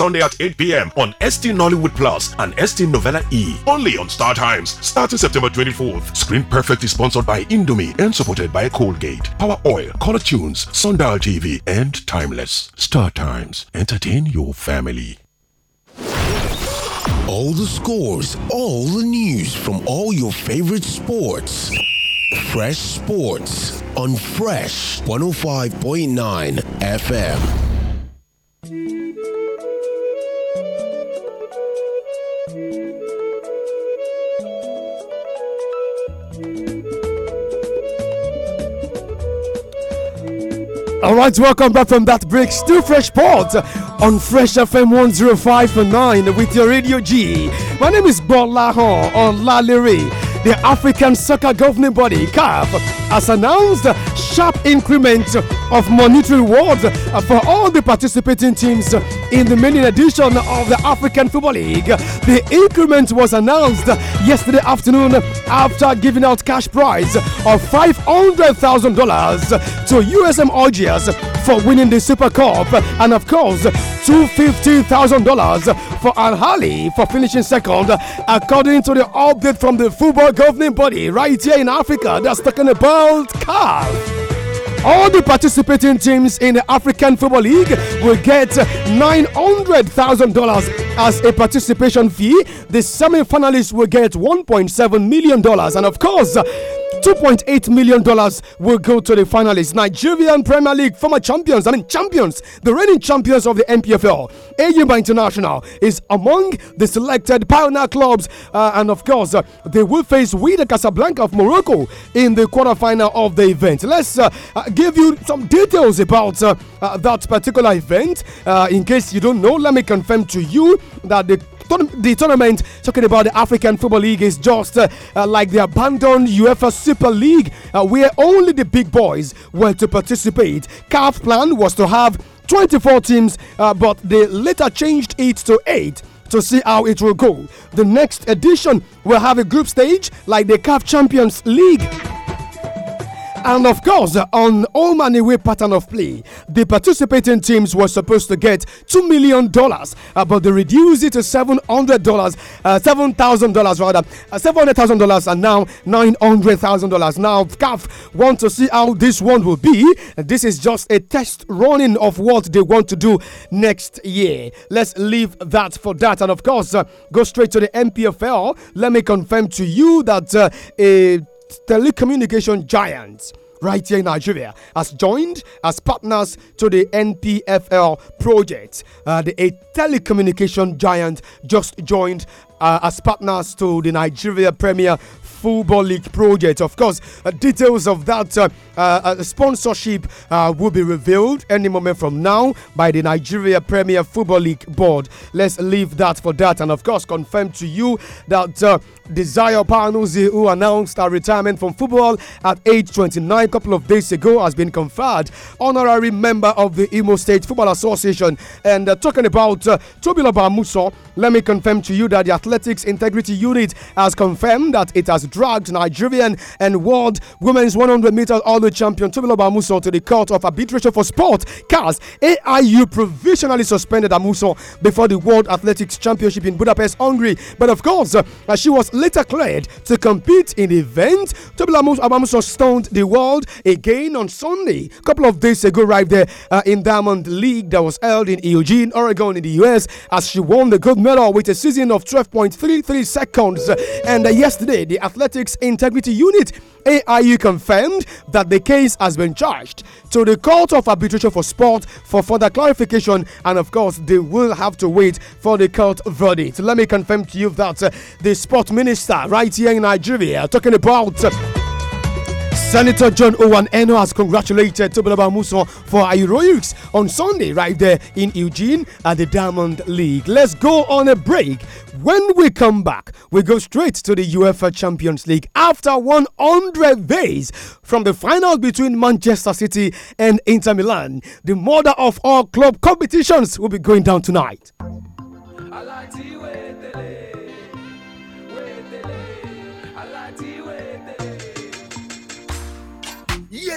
Sunday at 8 p.m. on ST Nollywood Plus and ST Novella E. Only on Star Times, starting September 24th. Screen Perfect is sponsored by Indomie and supported by Colgate, Power Oil, Color Tunes, Sundial TV, and Timeless. Star Times, entertain your family. All the scores, all the news from all your favorite sports. Fresh Sports on Fresh 105.9 FM. All right, welcome back from that break. Still Fresh Port on Fresh FM 105.9 with your Radio G. My name is Bola Hon on La The African Soccer Governing Body, CAF, has announced sharp increment of monetary rewards for all the participating teams in the main edition of the African Football League. The increment was announced yesterday afternoon after giving out cash prize of $500,000 to USM Algiers for winning the Super Cup and of course $250,000 for Al Hali for finishing second according to the update from the football governing body right here in Africa that's talking about CAF. All the participating teams in the African Football League will get $900,000 as a participation fee. The semi finalists will get $1.7 million. And of course, $2.8 million will go to the finalists. Nigerian Premier League former champions, I mean champions, the reigning champions of the MPFL, Ayimba International, is among the selected pioneer clubs. Uh, and of course, uh, they will face Wydad Casablanca of Morocco in the quarterfinal of the event. Let's uh, uh give you some details about uh, uh, that particular event. in case you don't know, let me confirm to you that the the tournament, talking about the African Football League, is just uh, uh, like the abandoned UEFA Super League, uh, where only the big boys were to participate. CAF plan was to have 24 teams, uh, but they later changed it to 8 to see how it will go. The next edition will have a group stage like the CAF Champions League. And of course, on all money away pattern of play, the participating teams were supposed to get $2 million, uh, but they reduced it to $700, uh, $7,000 rather, uh, $700,000 and now $900,000. Now, CAF want to see how this one will be. This is just a test running of what they want to do next year. Let's leave that for that. And of course, uh, go straight to the MPFL. Let me confirm to you that uh, a telecommunication giants right here in Nigeria has joined as partners to the NPFL project. Uh, the a telecommunication giant just joined uh, as partners to the Nigeria Premier Football League project. Of course, uh, details of that uh, uh, uh sponsorship uh, will be revealed any moment from now by the Nigeria Premier Football League board. Let's leave that for that. And of course, confirm to you that Desire Panuzi, who announced her retirement from football at age 29 a couple of days ago, has been conferred honorary member of the Imo State Football Association. And uh, talking about uh, Tobila Bamuso, let me confirm to you that the Athletics Integrity Unit has confirmed that it has dragged Nigerian and world women's 100 metres all champion Tumiloba Amuso to the Court of Arbitration for Sport. CAS AIU provisionally suspended Amuso before the World Athletics Championship in Budapest, Hungary. But of course, uh, she was later cleared to compete in the event. Tumiloba Amuso stoned the world again on Sunday. A couple of days ago, right there uh, in Diamond League that was held in Eugene, Oregon, in the US, as she won the gold medal with a season of 12.33 seconds. And uh, yesterday, the Athletics Integrity Unit AIU confirmed that the case has been charged to the Court of Arbitration for Sport for further clarification, and of course, they will have to wait for the court verdict. Let me confirm to you that uh, the sport minister right here in Nigeria, talking about. Uh, Senator John Owen Eno has congratulated Tobalaba Muso for heroics on Sunday, right there in Eugene at the Diamond League. Let's go on a break. When we come back, we go straight to the UEFA Champions League after 100 days from the final between Manchester City and Inter Milan. The mother of all club competitions will be going down tonight.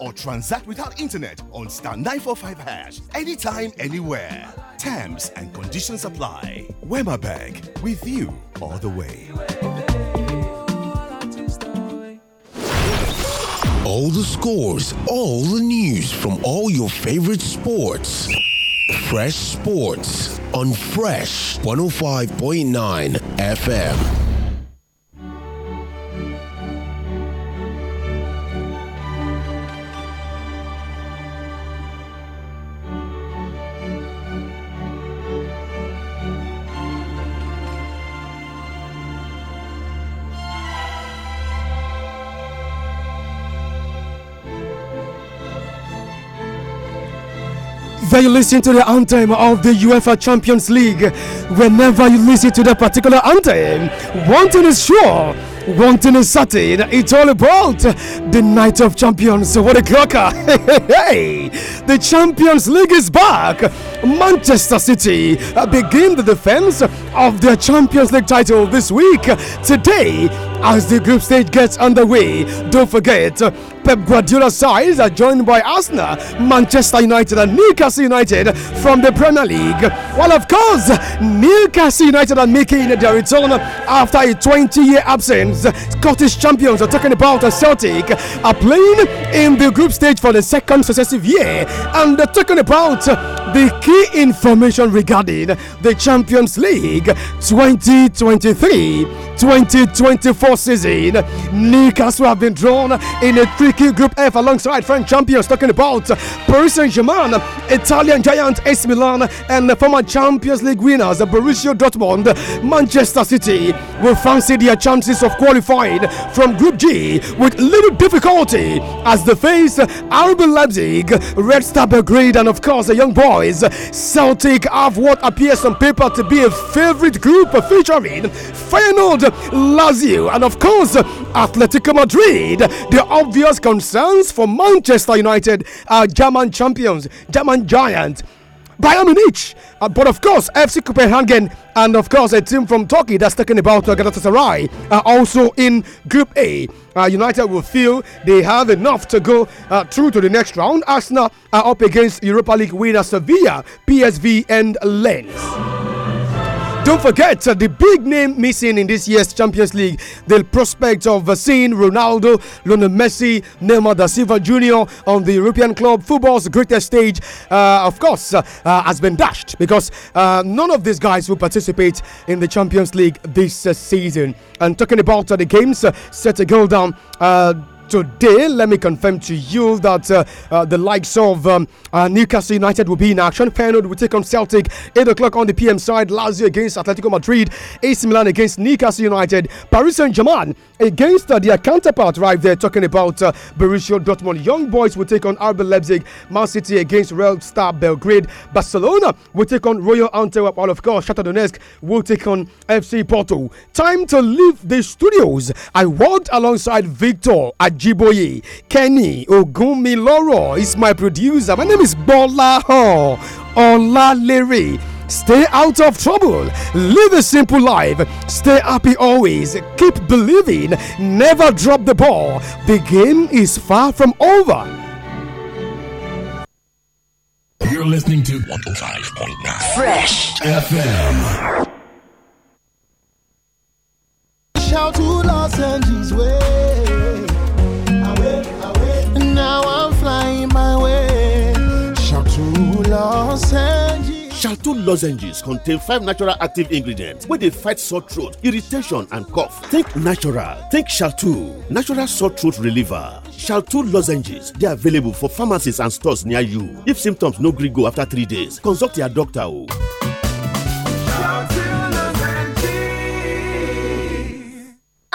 or transact without internet on star 945 hash anytime, anywhere. Terms and conditions apply. Wema Bank with you all the way. All the scores, all the news from all your favorite sports. Fresh Sports on Fresh 105.9 FM. whenever you listen to the anthem of the UEFA Champions League, whenever you listen to that particular anthem, one thing is sure. One thing is certain, it's all about the Night of Champions. What a cracker! Ah. hey, the Champions League is back. Manchester City uh, begin the defense of their Champions League title this week. Today, as the group stage gets underway, don't forget Pep Guardiola's sides are joined by Arsenal, Manchester United, and Newcastle United from the Premier League. Well, of course, Newcastle United are making their return after a 20 year absence. Scottish champions are talking about Celtic are playing in the group stage for the second successive year, and they're talking about the key information regarding the Champions League 2023 2024 season. Newcastle have been drawn in a three Group F alongside French champions, talking about Paris Saint Germain, Italian giant AC Milan, and former Champions League winners Borussia Dortmund, Manchester City will fancy their chances of qualifying from Group G with little difficulty as they face RB Leipzig, Red Star Belgrade, and of course the young boys. Celtic have what appears on paper to be a favorite group featuring Feyenoord, Lazio, and of course Atletico Madrid. The obvious concerns for Manchester United are German champions, German giants. Bayern Munich, uh, but of course FC Copenhagen, and of course a team from Turkey that's talking about uh, Galatasaray are uh, also in Group A. Uh, United will feel they have enough to go uh, through to the next round. Arsenal are up against Europa League winner Sevilla, PSV, and Lens. Don't forget uh, the big name missing in this year's Champions League. The prospect of uh, seeing Ronaldo, Lionel Messi, Neymar da Silva Jr. on the European club football's greatest stage, uh, of course, uh, uh, has been dashed because uh, none of these guys will participate in the Champions League this season. And talking about the games set to go down today. Let me confirm to you that uh, uh, the likes of um, uh, Newcastle United will be in action. Feyenoord will take on Celtic 8 o'clock on the PM side. Lazio against Atletico Madrid. AC Milan against Newcastle United. Paris Saint Germain against uh, their counterpart right there. Talking about uh, Borussia Dortmund. Young Boys will take on RB Leipzig. Man City against Real Star Belgrade. Barcelona will take on Royal Antwerp. All of course, Shakhtar Donetsk will take on FC Porto. Time to leave the studios. I walked alongside Victor. Ojiboye. Kenny lọrọ is my producer. My name is Bola Ho Olalere. Stay out of trouble. Live a simple life. Stay happy always. Keep believing. Never drop the ball. The game is far from over. You're listening to 105.9 Fresh FM. Shout to Los Angeles way. lozenges. Shalto lozenges contain five natural active ingredients where they fight sore throat, irritation, and cough. Think natural. Think Shalto. Natural sore throat reliever. Shalto lozenges. They are available for pharmacies and stores near you. If symptoms no gree go after three days, consult your doctor. Shalto. Oh.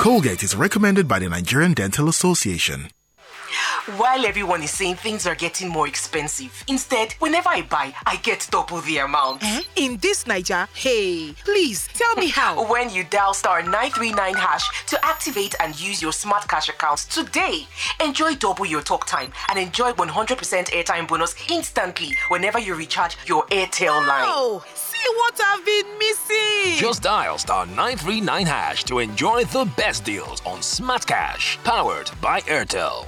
Colgate is recommended by the Nigerian Dental Association. While everyone is saying things are getting more expensive, instead, whenever I buy, I get double the amount. Eh? In this Niger, hey, please tell me how. when you dial star 939 hash to activate and use your smart cash accounts today, enjoy double your talk time and enjoy 100% airtime bonus instantly whenever you recharge your Airtel line. Oh, exactly what I've been missing. Just dial star 939 hash to enjoy the best deals on Smart Cash, powered by Airtel.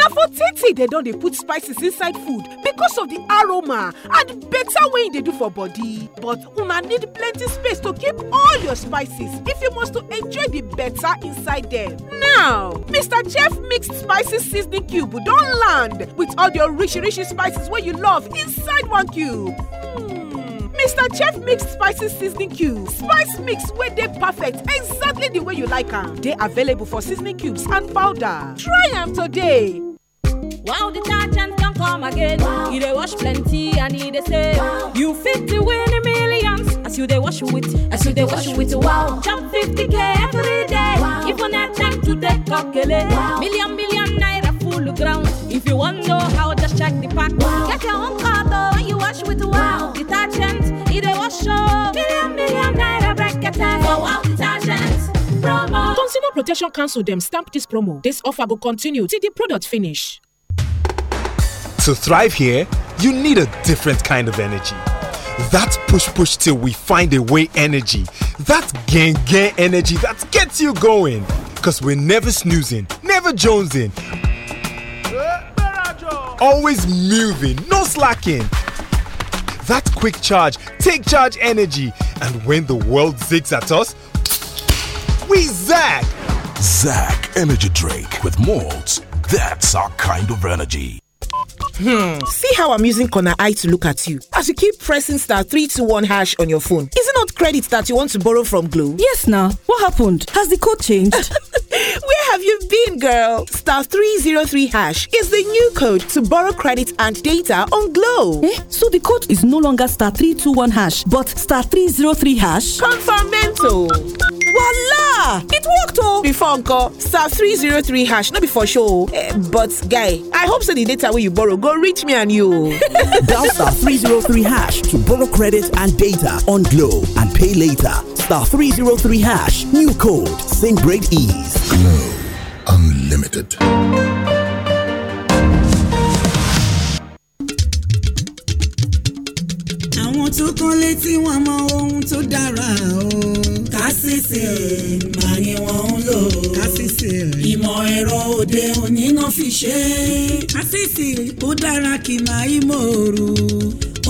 na for tete dem don dey put spices inside food because of the aroma and better wey e dey do for body but una need plenty space to keep all your spices if you must to enjoy the better inside them. now mr chef mixed spices seasoning cube don land with all the orisirisi spices wey you love inside one cube. Mm. mr chef mix spicy seasoning cubes spice mix where they perfect exactly the way you like They are available for seasoning cubes and powder try them today wow detergent don come again e dey wash plenty and e dey save you fit win million as you dey wash with as you dey wash with wow jump 50k every day if you no time to take calculate million council stamp promo offer continue till product finish to thrive here you need a different kind of energy that push push till we find a way energy that gain gain energy that gets you going because we're never snoozing never jonesing always moving no slacking that quick charge take charge energy and when the world zigs at us we zag Zach Energy Drake with malts. That's our kind of energy. Hmm. See how I'm using corner eye to look at you as you keep pressing star 321 hash on your phone. Is it not credit that you want to borrow from Glow? Yes, now. What happened? Has the code changed? Where have you been, girl? Star 303 hash is the new code to borrow credit and data on Glow. Eh? So the code is no longer star 321 hash, but star 303 hash? Confirmento. Voila! It worked, oh! Before, call. star 303 hash, not before show. Eh, but, guy, I hope so the data where you borrow go reach me and you. Dial star 303 hash to borrow credit and data on Glow and pay later. Star 303 hash, new code, same great ease. Glow Unlimited. àwọn tó kán létí wọn mọ ohun tó dára o. kásìsì mà ni wọ́n ń lò. kásìsì ìmọ̀ ẹ̀rọ òde òní náà fi ṣe. kásìsì ó dára kì máa í mòrú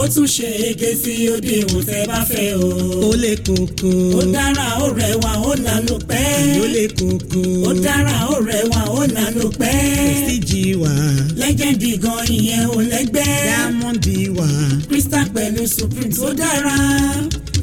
ó tún ṣe ege sí òdiwọ̀n tẹ́ bá fẹ́ o. ó lè kókó. ó dára ó rẹwà ó lànà pẹ́. ó lè kókó. ó dára ó rẹwà ó lànà pẹ́. prestige wà. lẹ́gẹ̀dì gan ìyẹn ò lẹ́gbẹ́. diamond wà. crystal pẹ̀lú supreme tó dára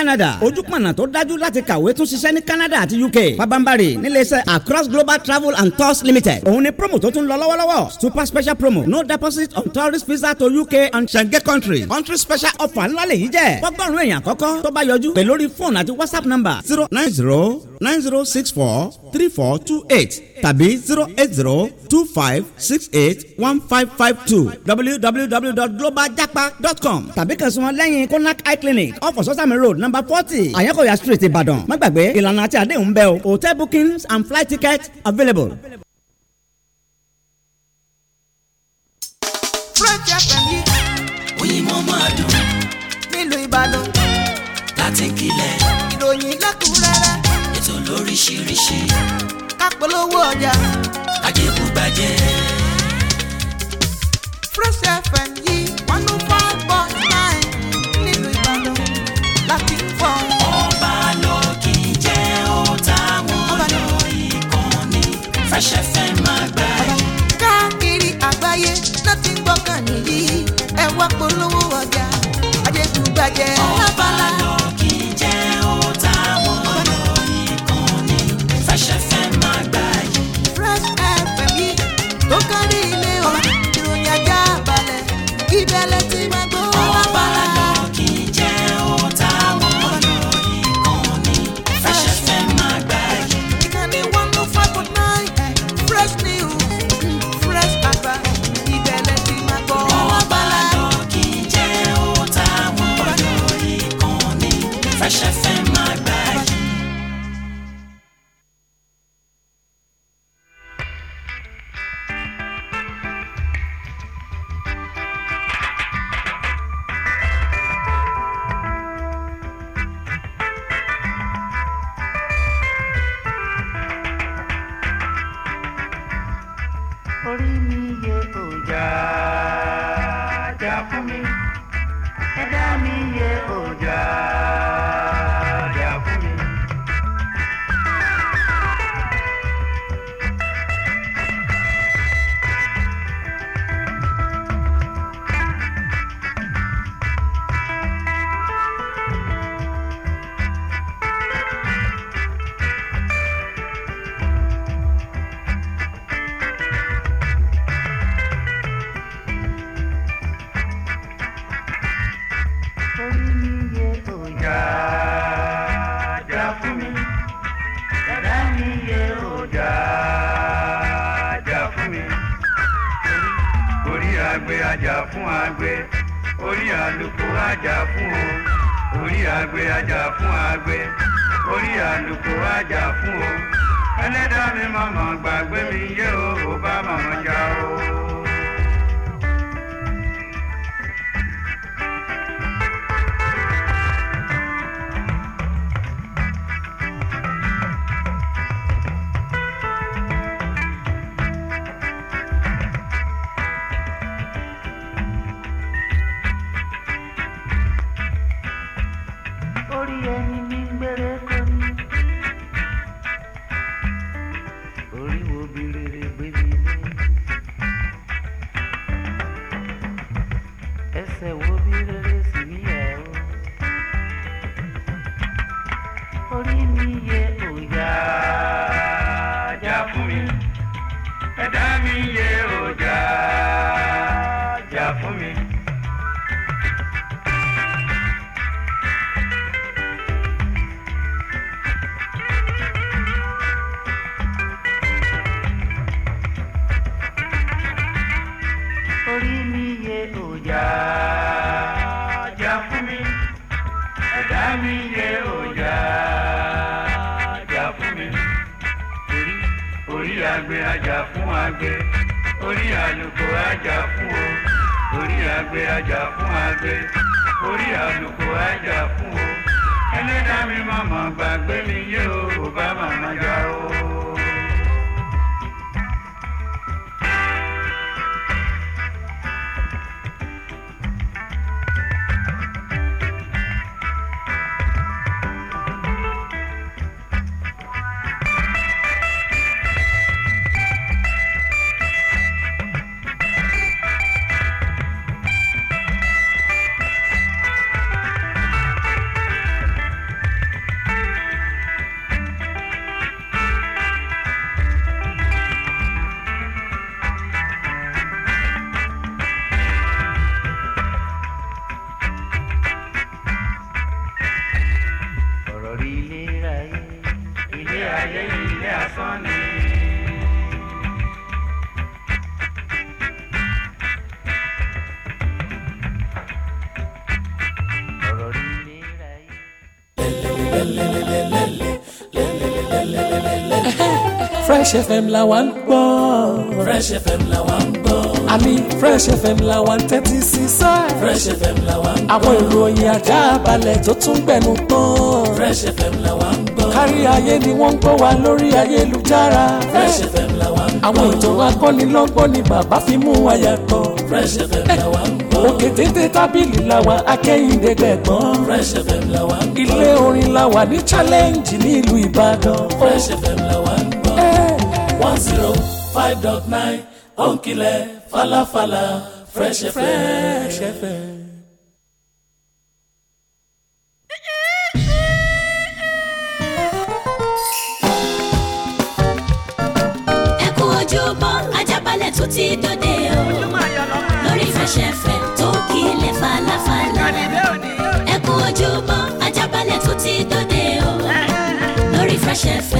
Canada ojúpọ̀nà tó dájú láti kàwé tún ṣiṣẹ́ ní Canada àti UK pabambari níléeṣẹ́ Across Global Travel and Tours Limited òun ni promo tó tún lọ lọ́wọ́lọ́wọ́ super special promo no deposit on tourist visa to UK and Schengen country country special offer ńlá lèyí jẹ́ fọ́gbọ́n èèyàn àkọ́kọ́ tó bá yọjú pè lórí fóònù àti WhatsApp number zero nine zero nine zero six four three four two eight tàbí zero eight zero two five six eight one five five two www.globaljapa.com tàbí kàn sí wọn lẹ́yìn konak eye clinic off of sosami road number forty àyànkòyà street ìbàdàn má gbàgbé ìlànà àti àdéhùn ń bẹ o hotel bookings and flight tickets available. fresh máa dùn nílùú ìbàdàn láti kílẹ̀ ìròyìn lẹ́kùnrẹ́ lóríṣiríṣi. ká polówó ọjà. kájẹ́kù gbajẹ́. Fresh FM yìí one oh five point nine nílùú Ìbàdàn láti fọ́. ọba lọ kì í jẹ́ ọ̀tá wọn lọ ìkànnì Fresh FM máa gbà yìí. káàkiri àgbáyé láti gbọ́kàn nìyí ẹ wá polówó ọjà. kájẹ́kù gbajẹ́. ọba lọ. ajá fún o orí agbe ajá fún agbe orí àlùkò ajá fún o ẹlẹ́dàá mi màmá gbàgbé mi yé o ò bá màmá já o. fresh fm la wa ń gbọ́. fresh fm la wa ń gbọ́. àmì fresh fm la wa ń tẹ́tí sí sá. fresh fm la wa ń gbọ́. àwọn ìròyìn àjààbalẹ̀ tó tún gbẹnu tán. fresh fm la wa ń gbọ́. kárí ayé ni wọ́n ń gbọ́ wa lórí ayélujára. fresh fm la wa ń gbọ́. àwọn ìtàn akọ́nilọ́gbọ́n ni bàbá fi mú wa yàtọ̀. fresh fm la wa ń gbọ́. òkè téńté tábìlì la wa akẹ́yìndé gbẹ̀gbọ́n. fresh fm la wa ń gbọ́. ilé orin la wa ní challenge ní ìlú Ìbàdàn. fresh fm la wa ń gbọ́ zero five dot nine ònkìlẹ̀ falafala fresh fm. tó ti dòde o lórí fẹsẹ̀fẹ̀ tó kílẹ̀ falafala ẹ kú ojúbọ Ajaabale tó ti dòde o lórí fẹsẹ̀fẹ̀.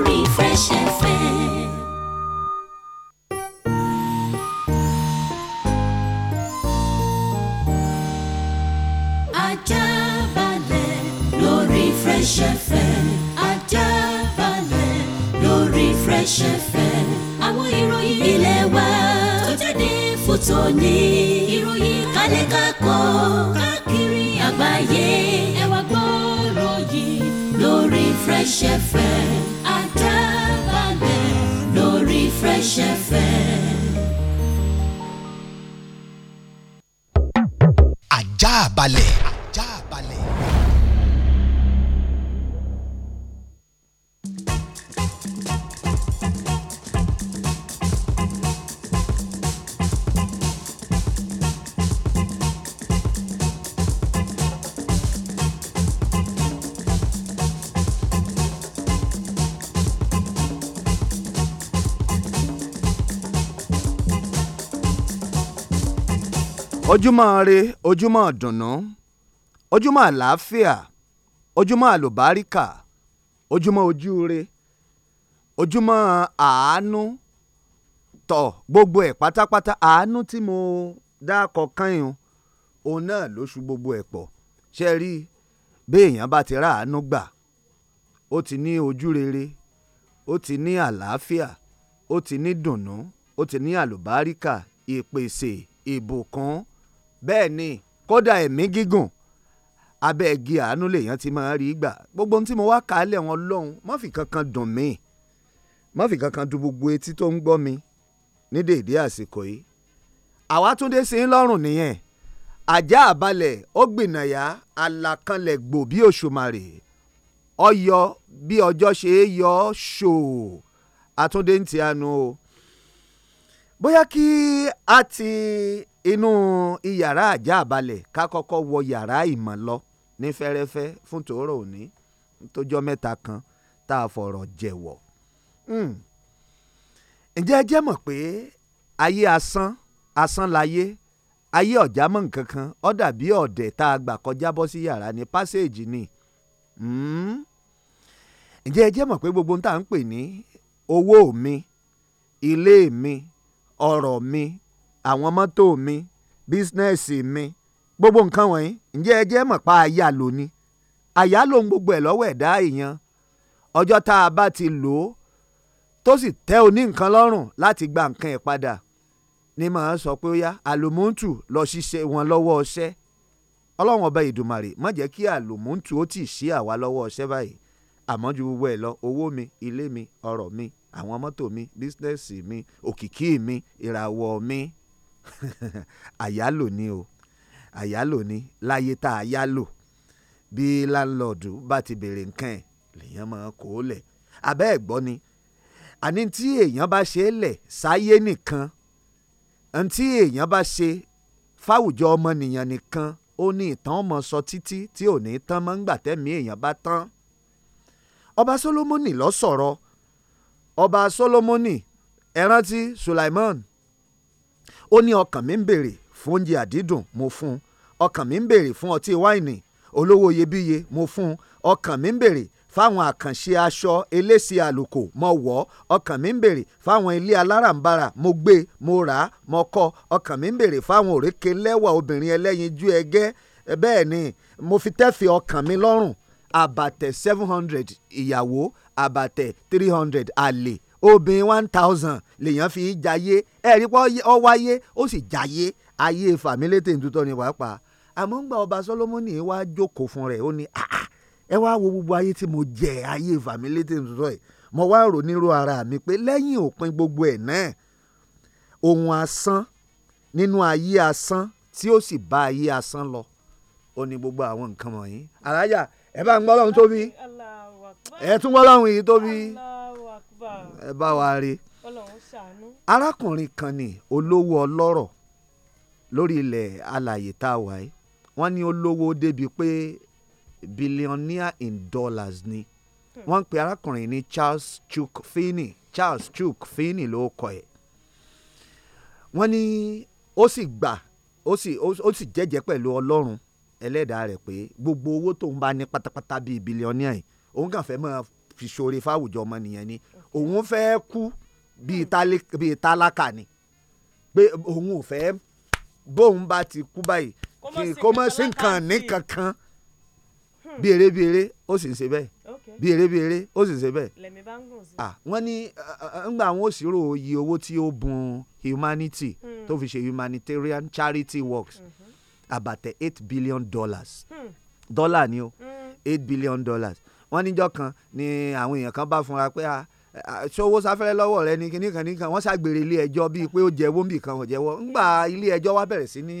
ojúmọ́ re ojúmọ́ dùnnú ojúmọ́ àlàáfíà ojúmọ́ àlùbáríkà ojúmọ́ ojúure ojúmọ́ àánú tọ̀ gbogbo ẹ̀ pátápátá àánú tí mo dákọ̀ kányìn òun náà ló ṣu gbogbo ẹ̀ pọ̀ ṣe rí béèyàn bá ti ráàánú gbà ó ti ní ojúrere ó ti ní àlàáfíà ó ti ní dùnnú ó ti ní àlùbáríkà ìpèsè ìbùkún bẹ́ẹ̀ ni kódà ẹ̀mí gígùn abẹ́ igi àánú lèèyàn ti máa rí gbà gbogbo ohun tí mo wá kà á lẹ̀ wọn lọ́hùn má fi kankan dùn mí má fi kankan dùn gbogbo etí tó ń gbọ́ mi ní dèédé àsìkò yìí àwa tún dé sí lọ́rùn nìyẹn àjà àbalẹ̀ ó gbìnàyà àlàkalẹ̀ gbò bí òṣùmàrè ọyọ bí ọjọ́ ṣe é yọ ọ́ ṣòò àtúndé ń ti àánú o bóyá kí a ti inú iyàrá àjàbalẹ̀ ká kọ́kọ́ wọ yàrá ìmọ̀ lọ ní fẹ́rẹ́fẹ́ fún tòórọ́ òní tójọ́ mẹ́ta kan tá a fọ̀rọ̀ jẹ̀wọ̀. Hmm. ǹjẹ́ ẹ jẹ́ mọ̀ pé ayé asán asán láyé ayé ọ̀já mọ̀ nǹkan kan ó dàbí ọ̀dẹ̀ tá a gbà kọjá bọ́ sí yàrá ní pásẹ́ẹ̀jì ni hmm. ǹjẹ́ ẹ jẹ́ mọ̀ pé gbogbo ohun tá à ń pè ní owó mi ilé mi ọ̀rọ̀ mi àwọn mọ́tò mi bísínẹ́sì mi gbogbo nǹkan wọ̀nyí ǹjẹ́ ẹ jẹ́ mọ̀ pa àyálò ni àyálò ń gbogbo ẹ̀ lọ́wọ́ ẹ̀dá èèyàn ọjọ́ tá a bá ti lò ó tó sì tẹ́ oní nǹkan lọ́rùn láti gba nǹkan ẹ̀ padà ni màá sọ pé ó yá àlòmọ́ǹtù lọ ṣiṣẹ́ wọn lọ́wọ́ ọṣẹ́ ọlọ́run ọba ìdùmarè má jẹ́ kí àlòmọ́ǹtù ó tì sí àwa lọ́wọ́ ọṣẹ́ báyìí àmọ́ ju gbogbo ẹ̀ lọ owó mi ilé mi ọ̀rọ̀ mi àwọn mọ́tò mi bísínẹ́sì mi òkìkí mi ìràwọ̀ mi àyálò ni o àyálò ni láyé tá a yálò bí láńlọ́ọ̀dù bá ti béèrè nǹkan ẹ̀ lèèyàn máa kó o lẹ̀ abẹ́ ẹ̀ gbọ́ ni àní tí èèyàn bá ṣe é lẹ̀ sáyé nìkan ntí èèyàn bá ṣe fáwùjọ ọmọnìyàn nìkan ó ní ìtàn ọmọ sọ títí tí ò ní tán mọ́ ńgbà tẹ́mi èèyàn bá tán ọba Solomoni ló sọ̀rọ̀ ọba Solomoni ẹ rántí Sulaiman ó ní ọkàn mi ń béèrè fún oúnjẹ àdídùn mo fún un ọkàn mi ń béèrè fún ọtí wáìnì olówó iyebíye mo fún un ọkàn mi ń béèrè fáwọn àkànṣe aṣọ elése àlùkò mo wọ̀ ọkàn mi ń béèrè fáwọn ilé alárànbarà mo gbé mo rà mo kọ́ ọkàn mi ń béèrè fáwọn òrékè lẹ́wà obìnrin ẹlẹ́yinjú ẹgẹ́ bẹ́ẹ̀ ni mo fi tẹ́fì ọkàn mi lọ́rùn àbàtẹ̀ seven hundred ìyàwó àbàtẹ̀ three hundred àlè obìnrin one thousand lèèyàn fi jayé ẹ̀rí pé ọ wáyé ó sì jayé ayé fàmílétè ntutọ́ ni pàápàá àmọ́ ń gba ọba Solomoni wá jókòó fún rẹ̀ ó ní ẹ wá wo gbogbo ayé tí mo jẹ ayé fàmílétè ntutọ́ yìí mo wá rò nírò ara mi pé lẹ́yìn òpin gbogbo ẹ̀ náà ohun asán nínú ayé asán tí ó sì bá ayé asán lọ ó ní gbogbo àwọn nǹkan wọ̀nyí alájà ẹ bá ń gbọ́ lọ́hún tóbi ẹ tún gbọ́ lọ́hún yìí tóbi. Allah ẹ bá wa rí arákùnrin kan ní olówó ọlọ́rọ̀ lórí ilẹ̀ alàyè tá a wà yìí wọ́n ní olówó débi pé billionaire in dollars ni hmm. wọ́n ń pe arákùnrin ní Charles Chuck Finney Charles Chuck Finney ló kọ ẹ̀ wọ́n ní ó sì gbà ó sì ó sì jẹ́jẹ́ pẹ̀lú ọlọ́run ẹlẹ́dàá rẹ̀ pé gbogbo owó tóun bá ní pátápátá bíi billionaire yìí òun kàn fẹ́ máa fi ṣoore fáwùjọ ọmọnìyàn ni òun fẹ́ kú bíi hmm. tálákà ni pé òun ò fẹ́ bóun bá ti kú báyìí kí kó mọ̀ sí nǹkan ní kankan hmm. bèrèbèrè ó sì ń ṣe bẹ́ẹ̀ bèrèbèrè ó sì ń ṣe bẹ́ẹ̀ wọ́n ní ńgbà wọn ò ṣírò iye owó tí ó bùn humanity hmm. tó fi ṣe humanitarian charity works mhm. àbàtẹ eight billion dollars dọ́là ni o eight billion dollars wọ́n níjọ́ kan ni àwọn èèyàn kan bá fúnra pé ah ṣòwò sáfẹ́rẹ́ lọ́wọ́ rẹ ní kíníkan níkan wọ́n ṣàgbèrè ilé ẹjọ́ bíi pé ó jẹ́wọ́ nbìkan ò jẹ́wọ́ ńgbà ilé ẹjọ́ wá bẹ̀rẹ̀ sí ní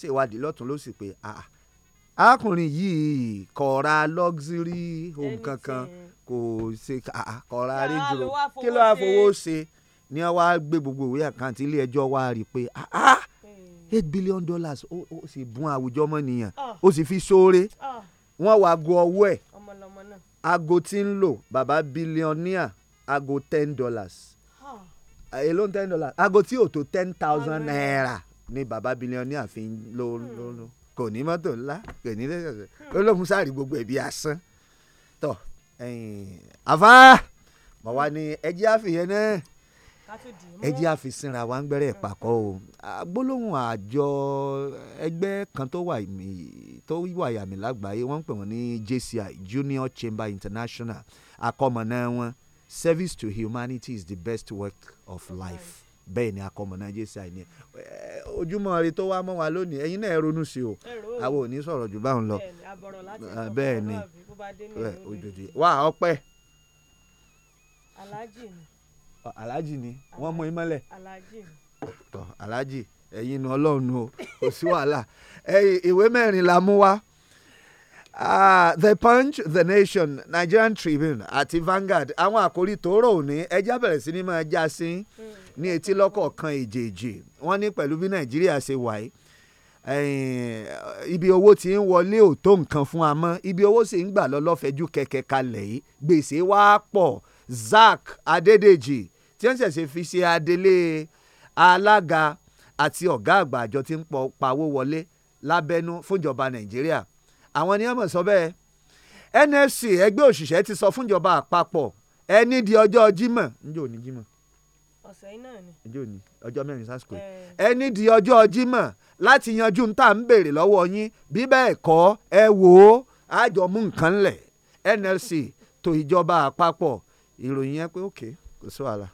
ṣèwádìí lọ́tún ló sì pé arákùnrin yìí kọ̀ọ̀ra luxury home kankan kò ṣe kọ̀ọ̀ra rédíò kí ló wá fowó ṣe ni wọ́n wá gbé gbogbo ìwé àkáǹtì ilé ẹjọ́ wá rí i pé hmm. eight billion dollars ó sì bùn àwùjọ mọ́ nìyàn ah. ó sì fi ṣoore ah. wọ́n wá go ọwọ́ ẹ̀ aago tí ń lò bàbá bílíọ̀nìà aago ten dollars èló ten dollars aago tí ò tó ten thousand naira ni baba billionaire fi ń hmm. lo lo kò ní mọ́tò ńlá kò ní lẹ́sẹ̀sẹ̀ olóhùn hmm. sáàrí gbogbo ẹ̀bí asán tọ́ àfa mo wá ní ẹjẹ́ àfihàn náà ẹjẹ́ àfisínra wa ń gbẹ́rẹ́ ìpàkọ́ o gbólóhùn àjọ ẹgbẹ́ kan tó wà tó wà yàmì lágbàáyé wọ́n ń pè wọ́n ní JCI Junior Chamber International akọ́mọ̀nà wọn service to humanity is the best work of life bẹ́ẹ̀ ni akọmọ nàìjíríà ni ojúmọ́ ire tó wá mọ́ wa lónìí ẹ̀yin náà ẹ ronú sí o àwọn ò ní sọ̀rọ̀ jù báwọn lọ bẹ́ẹ̀ ni ah, ojoojú wa ọpẹ́. aláàjì ni. aláàjì ni wọ́n mú imọ́lẹ̀. aláàjì ni. tọ́ aláàjì ẹ̀yin ni ọlọ́run o kò sí wàhálà ìwé mẹ́rin la mú wá. Uh, the punch the nation nigerian tribune àti Vanguard àwọn àkórí tó rò ní ẹja bẹ̀rẹ̀ sí ni máa já sí ní etí lọ́kọ̀ọ̀kan èjèèjì wọ́n ní pẹ̀lú bí nàìjíríà ṣe wáyé ibi owó ti ń wọlé ò tó nǹkan fún amọ́ ibi owó sì ń gbà lọ lọ́fẹ̀ẹ́jú kẹ̀kẹ́ kalẹ̀ yìí gbèsè wá pọ̀ Zack Adédèjì tí wọ́n ṣẹ̀ṣẹ̀ fi ṣe adelé alága àti ọ̀gá àgbà àjọ tí ń pawó wọlé lábẹ́nú fúnjọba nàìjíríà àwọn ni mọ̀ sọ bẹ́ẹ̀ NFC ẹgbẹ́ òṣìṣẹ́ ti sọ fúnjọba àpapọ̀ ẹni di ọjọ́ Jímọ̀ òní ọ̀sẹ̀ ni òní ọjọ́ mẹ́rin sásìkò ẹni di ọjọ́ Jímọ̀ láti yanjú ń ń lọ́wọ́ yín bí ìròyìn yẹn pé òkè kò sí wàhálà.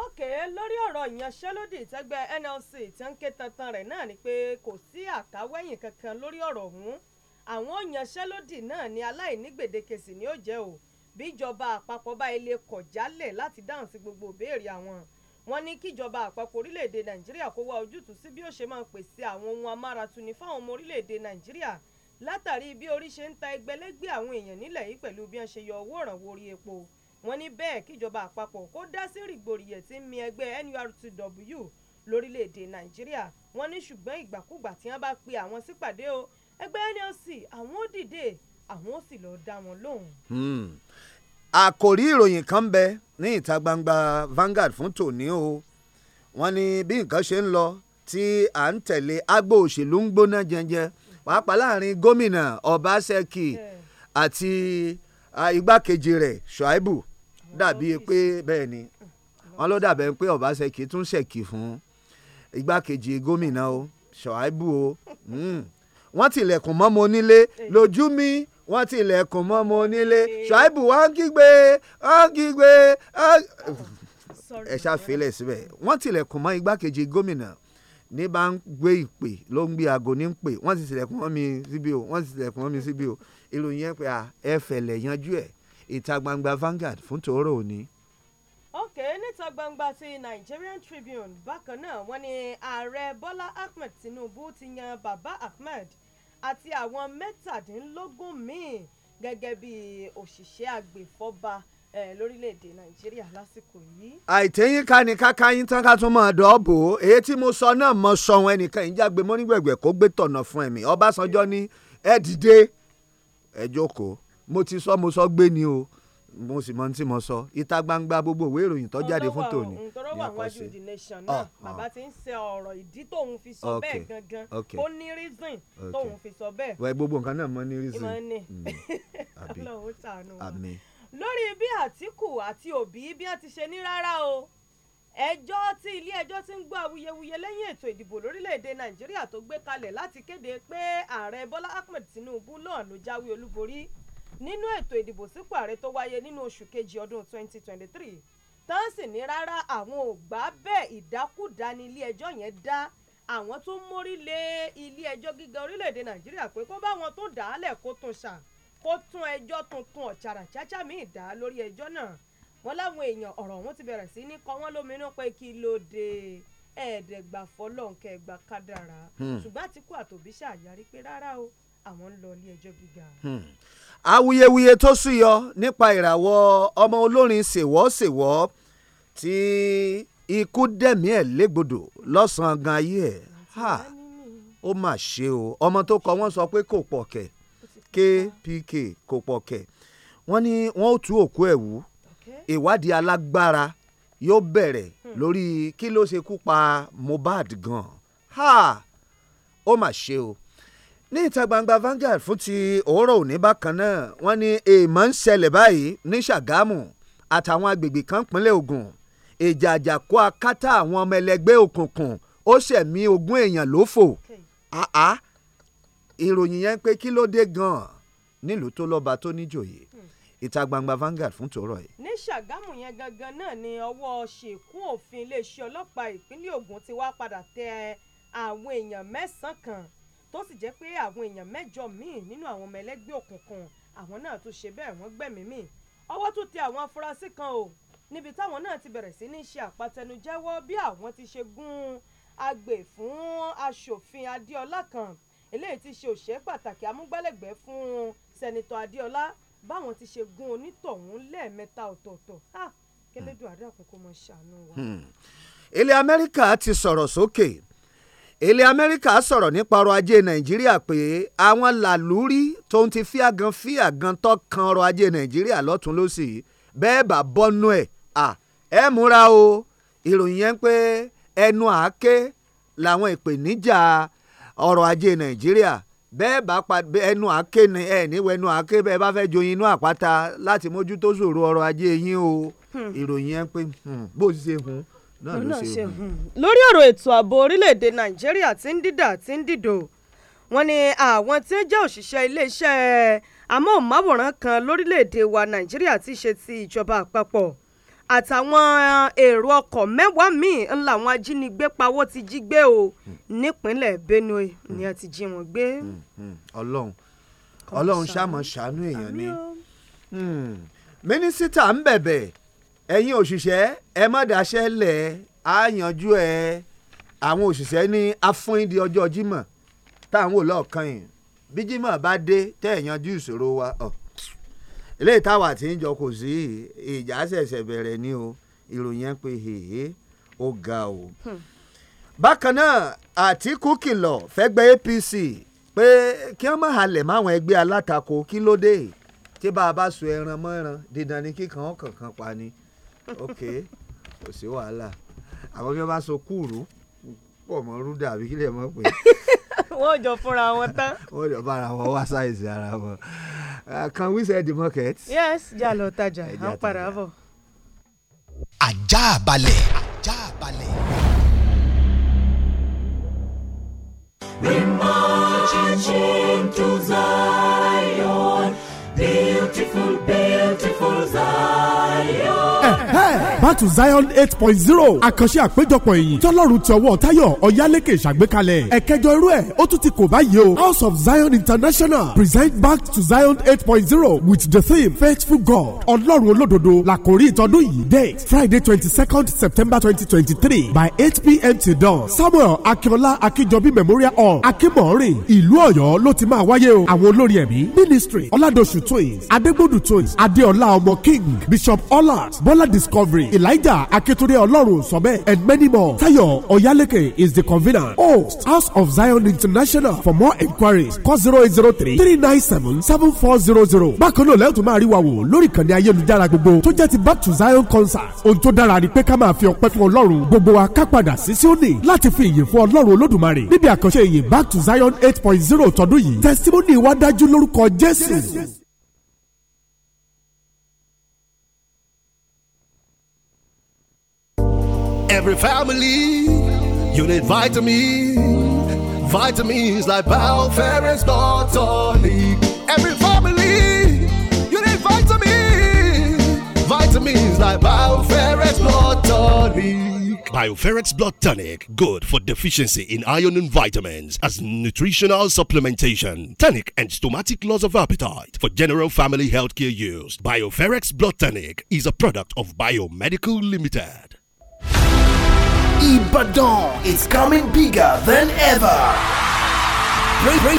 òkè lórí ọ̀rọ̀ ìyanṣẹ́lódì NLC ti ń tantan rẹ̀ náà ni pé kò sí kankan lórí ọ̀rọ̀ ọ̀hún Àwọn ìyanṣẹ́lódì náà ni aláìní gbèdéke sì ni ó jẹ́ o, bíjọba àpapọ̀ bá fi lè kọ̀ jálẹ̀ láti dáhùn sí gbogbo ìbéèrè àwọn, wọ́n ní kíjọba àpapọ̀ orílẹ̀ èdè Nàìjíríà kó wá ojútùú sí bí ó ṣe máa pèsè àwọn ohun amáratuni fáwọn ọmọ orílẹ̀ èdè Nàìjíríà látàrí bí orí ṣe ń ta ẹgbẹlẹ́gbẹ́ àwọn èèyàn nílẹ̀ yìí pẹ̀lú bí wọ́n ṣe yọ owó ìrànwọ́ orí epo, wọ́n ní bẹ́ẹ̀ kíjọba àpapọ̀ kó dá sí rìgbòdìyàn tí ń mi ẹgbẹ́ NURTW lórílẹ̀ èdè Nàìjíríà, wọ́n ní ṣùgbọ́n ìgbàkúgbà tí wọ́n bá pe àwọn sípàdé o ẹgbẹ́ nlc àwọn ó dìde àwọn ó sì lọ́ọ́ dá wọn lóhùn. Hmm. àkòrí ìròyìn kan bẹ ní ìta gbangba Vanguard fún tòní o wọ́n ní bí nǹkan ṣe ń lọ tí à ń tẹ̀lé agbo òṣèlú ń gbóná jẹjẹ pàápàá láàrin gómìnà Ọbaṣẹ́kì àti igbákejì rẹ̀ Ṣùáìbù dàbí pé bẹ́ẹ̀ ni wọ́n ló dàbẹ̀ pé Ọbaṣẹ́kì tún ṣèkì fún igbákejì gómìnà o Ṣùáìbù o. Mm wọ́n ti ilẹ̀kùn mọ́ mo nílé lójú mi wọ́n ti ilẹ̀kùn mọ́ mo nílé ṣàìbù wọ́n ń kígbe wọ́n ń kígbe ẹ ṣàfilẹ̀ síbẹ̀ wọ́n ti ilẹ̀kùn mọ́ igbákejì gómìnà ní bá ń gbé ìpè ló ń gbé aago ní pè wọ́n ti tilẹ̀kùn mọ́ mi síbi o wọ́n ti tilẹ̀kùn mọ́ mi síbi o ìròyìn ẹ pé ẹ fẹ̀lẹ̀ yanjú ẹ̀ ìta gbangba Vanguard fún tòórọ́ òní òkè níta gbangba ti nigerian tribune bákan náà wọ́n ní ààrẹ bọ́lá ahmed tinubu ti yan baba ahmed àti àwọn mẹ́tàdínlógún míì gẹ́gẹ́ bí òṣìṣẹ́ agbèfọ́ba lórílẹ̀‐èdè nàìjíríà lásìkò yìí. àìtẹ́yìn ká káká yín tán ká tún mọ̀ dọ́ọ̀bù èyí tí mo sọ náà mo sọ ẹnìkan ìjà gbé mọ́nígbẹ̀gbẹ̀ kó gbé tọ̀nà fún ẹ̀mí ọbásanjọ́ ní ẹ dìde ẹ jókòó mo ti sọ mo sọ gbé ni o mo sì mọ tí mo sọ ìta gbangba gbogbo ìwé ìròyìn tó jáde fún tòní ní àkọsí ọ̀hún nation náà ah, bàbá ah. ti ń ṣe ọ̀rọ̀ ìdí tóun fi sọ bẹ́ẹ̀ gangan ó ní reason tóun fi sọ bẹ́ẹ̀. wẹ́ẹ́ gbogbo nǹkan náà mọ ní reason mm. ọlọ́run tànù wọn. lórí bí àtìkù àti òbí bí a ti ṣe ní rárá o ẹjọ́ tí ilé ẹjọ́ ti ń gbọ́ awuyewuye lẹ́yìn ètò ìdìbò lórílẹ̀‐èdè nàìjíríà tó gbé kalẹ̀ láti kéde pé ààrẹ bọ́lá ahmed tinubu náà ló jáwé olúborí nínú ètò ìdìbò sípò ààrẹ tó wáyé nínú oṣù kejì ọdún 2023 tán sì ní rárá àwọn ò gbà bẹ́ẹ̀ ìdákúdá ní ilé ẹjọ́ yẹn dá àwọn tó mórí lé ilé ẹjọ́ gíga orílẹ̀-èdè nàìjíríà pé kó bá wọn tó dà á lẹ̀ kó tún ṣà kó tún ẹjọ́ tuntun ọ̀chàrà cháchá míì dá lórí ẹjọ́ náà wọ́n láwọn èèyàn ọ̀rọ̀ wọn ti bẹ̀rẹ̀ sí ní kọ́ wọ́n lóminú pé kí ló dé ẹ̀ẹ́dẹ̀gbà fọlọ́ǹkẹ́ ẹ̀gbà kádàrá hmm. ṣùgbọ́n àtìkú àtòbí ṣàyàrí pé rárá o àwọn ń lọ ilé ẹjọ́ gíga. Hmm awuyewuye tó súyọ nípa ìràwọ̀ ọmọ olórin ṣèwọ́ṣèwọ́ tí ikú dẹ̀mí ẹ̀ légbodò lọ́sàn-án gan ayé ẹ̀ ó mà ṣe o ọmọ tó kọ wọ́n sọ pé kò pọ̀ kẹ̀ kpk kò pọ̀ kẹ̀ wọ́n ní wọ́n ó tú òkú ẹ̀ wú ìwádìí alágbára yóò bẹ̀rẹ̀ lórí kí ló ṣe kú pa Mohbad gan ó mà ṣe o ní ìta gbangba Vanguard fún ti òórọ̀ òní bákan náà wọ́n ní èèmọ̀ ń ṣẹlẹ̀ báyìí ní Ṣàgámù àtàwọn agbègbè kan pínlẹ̀ Ògùn ìjà àjàkú akátá àwọn ọmọ ẹlẹgbẹ́ òkùnkùn ó ṣẹ̀mí ogún èèyàn lófò àá ìròyìn yẹn pé kí ló dé gan-an nílùú tó lọ́ba tó níjòyè ìta gbangba Vanguard fún tòórọ yìí. ní Ṣàgámù yẹn gangan náà ni ọwọ́ ṣèkún òfin iléeṣẹ́ ọlọ́pàá ìpínlẹ̀ Ògùn ti wá padà tẹ àwọn èèyàn mẹ́sàn-án kan tó sì jẹ́ pé àwọn èèyàn mẹ́jọ míì nínú àwọn ọmọ ẹlẹ́gbẹ́ òkùnkùn àwọn náà tún ṣe bẹ́ẹ̀ wọ́n gbẹ̀mí mì ọwọ́ tún tẹ àwọn afurasí kan o níbi táwọn náà ti bẹ̀rẹ̀ sí ní ṣe àpatẹnujẹ́wọ́ bí àwọn ti ṣe gún agbè fún aṣòfin adéọlá kan eléyìí ti ṣe òṣèré pàtàkì amúgbálẹ́gbẹ̀ẹ́ fún sẹ́nitọ́ adéọlá báwọn ti ṣe gún onítọ̀hún lẹ́ẹ̀mẹ́ta ọ̀tọ̀ọ̀tọ̀ ah! kélédùn àdàkùn kó ṣàánú wa. Hmm. ilẹ̀ amẹ́ríkà ti sọ̀rọ̀ sókè. So ilẹ̀ amẹ́ríkà sọ̀rọ̀ nípa ọrọ̀ ajé nàìjíríà pé àwọn làlúrí tó ń ti fíàgan fíàgan tó kan ọrọ̀ ajé nàìjíríà lọ́tún lọ́sì bẹ́ẹ̀ bá bọ́nú ẹ̀ à ẹ múra o ìròyìn yẹn pé ẹnu àáké làwọn ìpèníjà ọrọ̀ ajé nàìjíríà bẹ́ẹ̀ bá ẹnu àáké ni ẹ níwẹ̀ ẹnu àáké bẹ́ẹ̀ bá fẹ́ joyin inú àpáta láti mójútó ṣòro ọrọ̀ ajé yín o hmm. ìròyìn yẹn pé hmm, bó ṣe hùn. Hmm, lórí ọ̀rọ̀ ètò ààbò orílẹ̀-èdè nàìjíríà tí ń dídà tí ń dìdò wọ́n ní àwọn tí ń jẹ́ òṣìṣẹ́ iléeṣẹ́ amóhùnmáwòrán kan lórílẹ̀-èdè wa nàìjíríà ti ṣe ti ìjọba àpapọ̀ àtàwọn eh, èrò ọkọ̀ mẹ́wàá míì ńlá àwọn ajínigbé pawọ́ ti jí gbé o hmm. nípínlẹ̀ benue ni a ti jí wọn gbé. Hmm, ọlọ́run ọlọ́run ṣàmọ̀ ṣàánú èèyàn ni mínísítà ń bẹ̀bẹ̀ ẹ̀yin òṣìṣẹ́ ẹ má dáṣẹ́ lẹ̀ á yanjú ẹ̀ àwọn òṣìṣẹ́ ní afúnìdí ọjọ́ Jímọ̀ táwọn ò lọ́ọ̀kan yìí bí Jímọ̀ bá dé tẹ́ ẹ̀ yanjú ìṣòro wa eléyìí táwa ti ń jọ kò sí ìjà ṣẹ̀ṣẹ̀ bẹ̀rẹ̀ ni o ìròyìn ẹ̀ pé hèhè ó ga o. Hmm. bákan náà Àtíkù kìlọ̀ fẹ́gbẹ́ APC pé kí wọ́n máa halẹ̀ máwọn ẹgbẹ́ alátakò kí ló dé tí bá a bá so ẹran mọ́ ẹran dídán ni kíkan ọ̀kọ̀ọ̀kan pa ni ok kò sí wàhálà àwọn bí wọn bá so kúrú pọ̀ mọ́ rúdà àbí kílẹ̀ mọ́ pé. wọ́n jọ fúnra wọn tán. wọ́n jọ bára wọn wá sáìsì ara wọn. Uh, can we sell the market. yes jà lọ tajà à ń padà bọ̀. ajá balẹ̀. ajá balẹ̀. marching to Zion, beautiful, beautiful Zion. Eh, Back to zion eight point zero àkànṣe àpéjọpọ̀ èyí tọ́lọ́run ti ọwọ́ táyọ̀ ọ̀yálékè ṣàgbékalẹ̀ ẹ̀kẹjọ irú ẹ̀ ó tún ti kò báyìí o house of zion international present back to zion eight point zero with the theme faithful god ọlọ́run olódodo làkòrí ìtọ́dún yìí date friday twenty second september twenty twenty three by eight pm till dawn samuel akinola akinjobi memorial hall akimori ìlú ọ̀yọ́ ló ti máa wáyé o àwọn olórí ẹ̀mí ministry ọládọ̀sù twins adégbòdù twins Adeola ọmọ king bishop ọlá Bola disco recovery elijah akitunde ọlọ́run sọ́bẹ̀ and many more tayo oyaleke is the convener host house of zion international for more enquiries call zero eight zero three three nine seven seven four zero zero bákan náà lẹ́yìn tó máa rí wa wò lórí ìkànnì ayélujára gbogbo tó jẹ́ ti back to zion concert ohun tó dára ni pé ká máa fi ọpẹ́ fún ọlọ́run gbogbo wa ká padà sí Síónì láti fi ìyìn fún ọlọ́run olódùmarè níbi àkànṣe ìyìn back to zion eight point zero tọdún yìí testimony wa dájú lórúkọ jésù. Every family, you need vitamins. Vitamins like blood tonic. Every family, you need vitamins. Vitamins like blood tonic. Bioferrex Blood Tonic, good for deficiency in iron and vitamins as nutritional supplementation. Tonic and stomatic loss of appetite for general family healthcare use. Bioferrex Blood Tonic is a product of Biomedical Limited. Ibadan is coming bigger than ever.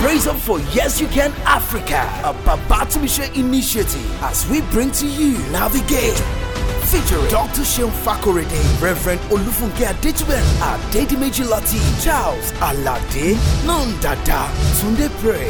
Raise up for Yes You Can Africa, a Babatamisha initiative as we bring to you Navigate featuring Dr. Shem Fakorede, Reverend Olufunke Adetuben, Adedimeji Lati, Charles Alade, Nandada, Tunde Pray,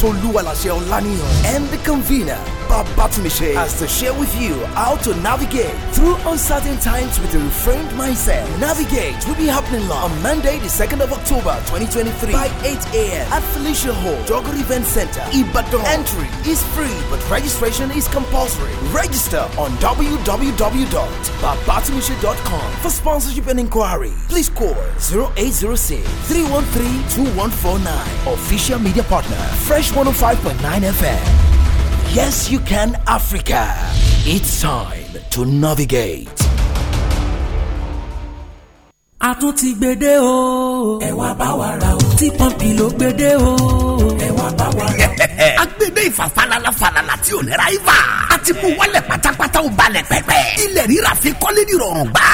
Soluwalase Olaniyan, and the convener, Babatumishe, has to share with you how to navigate through uncertain times with a reframed mindset. Navigate will be happening on Monday, the 2nd of October 2023 by 8 a.m. at Felicia Hall, Jogger Event Center, Ibadan. Entry is free, but registration is compulsory. Register on www www.babatimiche.com for sponsorship and inquiry. Please call 0806 313 2149. Official media partner, Fresh 105.9 FM. Yes, you can, Africa. It's time to navigate. a tún ti gbede o. ẹ wá bá wa ra o. tí pọ́ǹpì ló gbede o. ẹ wá bá wa ra o. agbede ìfàfàlàlà falala tí ò lẹ́ra ibà. a ti mú wálẹ̀ pátápátá ó balẹ̀ pẹ́pẹ́. ilẹ̀ rírà fi kọ́lé ní rọrùn gbà.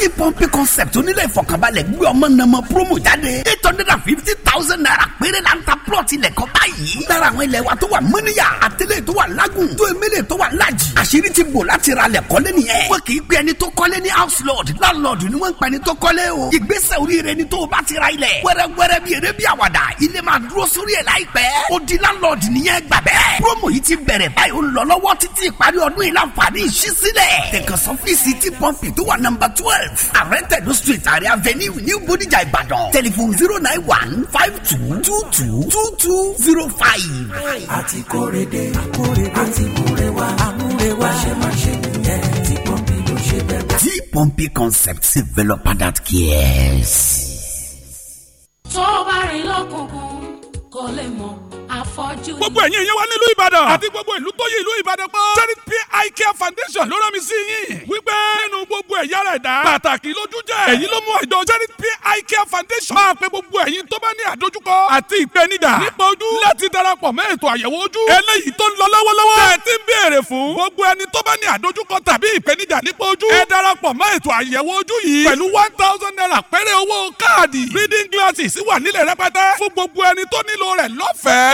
tí pọ́ǹpì concept onílẹ̀ ìfọ̀kànbalẹ̀ gbé ọmọ nàmọ promo jáde. eight hundred and fifty thousand naira péré la ń ta plot ilẹ̀ kan báyìí. lára àwọn ilẹ̀ wa tó wà mọ́níyà àtẹlẹ́ tó wà lágùn tó emele tó wà lájì. àṣírí ti bò láti ra lẹ̀ kọ́lé nìyẹn. wọ́n kì í pe ẹni tó kọ́lé ní house lord landlord ni wọ́n ń pa ẹni tó kọ́lé o ìgbésẹ̀ oríire ni tó o bá ti ra ilẹ̀ wẹ́rẹ́wẹ́rẹ́ bí eré bí àwàdà ilé máa dúró sórí ẹ̀ láìpẹ́ ó di láńlọ́ọ̀dì nìyẹn gbà bẹ́ẹ̀ promo yìí ti bẹ̀rẹ̀ báyìí ó ń lọ lọ́wọ́ títí ìparí ọdún yìí láǹfààní ìṣí sílẹ̀ tẹ̀kọ̀sán fíìsì tí pọ́ǹpì tó wà nọ́mbà twelve àrẹ́tẹ̀dó street àrẹ avenue new bodijà ìbàdàn tẹlifon zero nine one five two two two two two zero five. àti kórede àkórede àti múrewa àmúrewa àṣemáṣe T-Pumpy Concepts developer that cares. tó bá rìn lọ́kùnkùn àfọ́jú ni. gbogbo ẹ̀yin ìyẹn wá nílùú ìbàdàn àti gbogbo ìlú tó yí ìlú ìbàdàn pọ̀. charity eye care foundation ló rán mi sí yín. wípé nínú gbogbo ẹ̀yà ara ẹ̀dá pàtàkì lójú jẹ́. èyí ló mú àjọ charity eye care foundation máa pe gbogbo ẹ̀yin tó bá ní àdójúkọ àti ìpènijà nípa ojú láti darapọ̀ mẹ́ ètò àyẹ̀wò ojú. eléyìí tó ń lọ lọ́wọ́lọ́wọ́. tẹ́ ẹ ti ń béèrè fún. gbogbo ẹni tó bá ní àdójúkọ tàbí ìpènijà nípa ojú. ẹ darapọ̀ mọ́ ètò àyẹ̀wò ojú yìí. pẹ̀lú one thousand naira péré owó káàdì. reading glasses wà nílẹ̀ rẹpẹtẹ. fún gbogbo ẹni tó nílò rẹ̀ lọ́fẹ̀ẹ́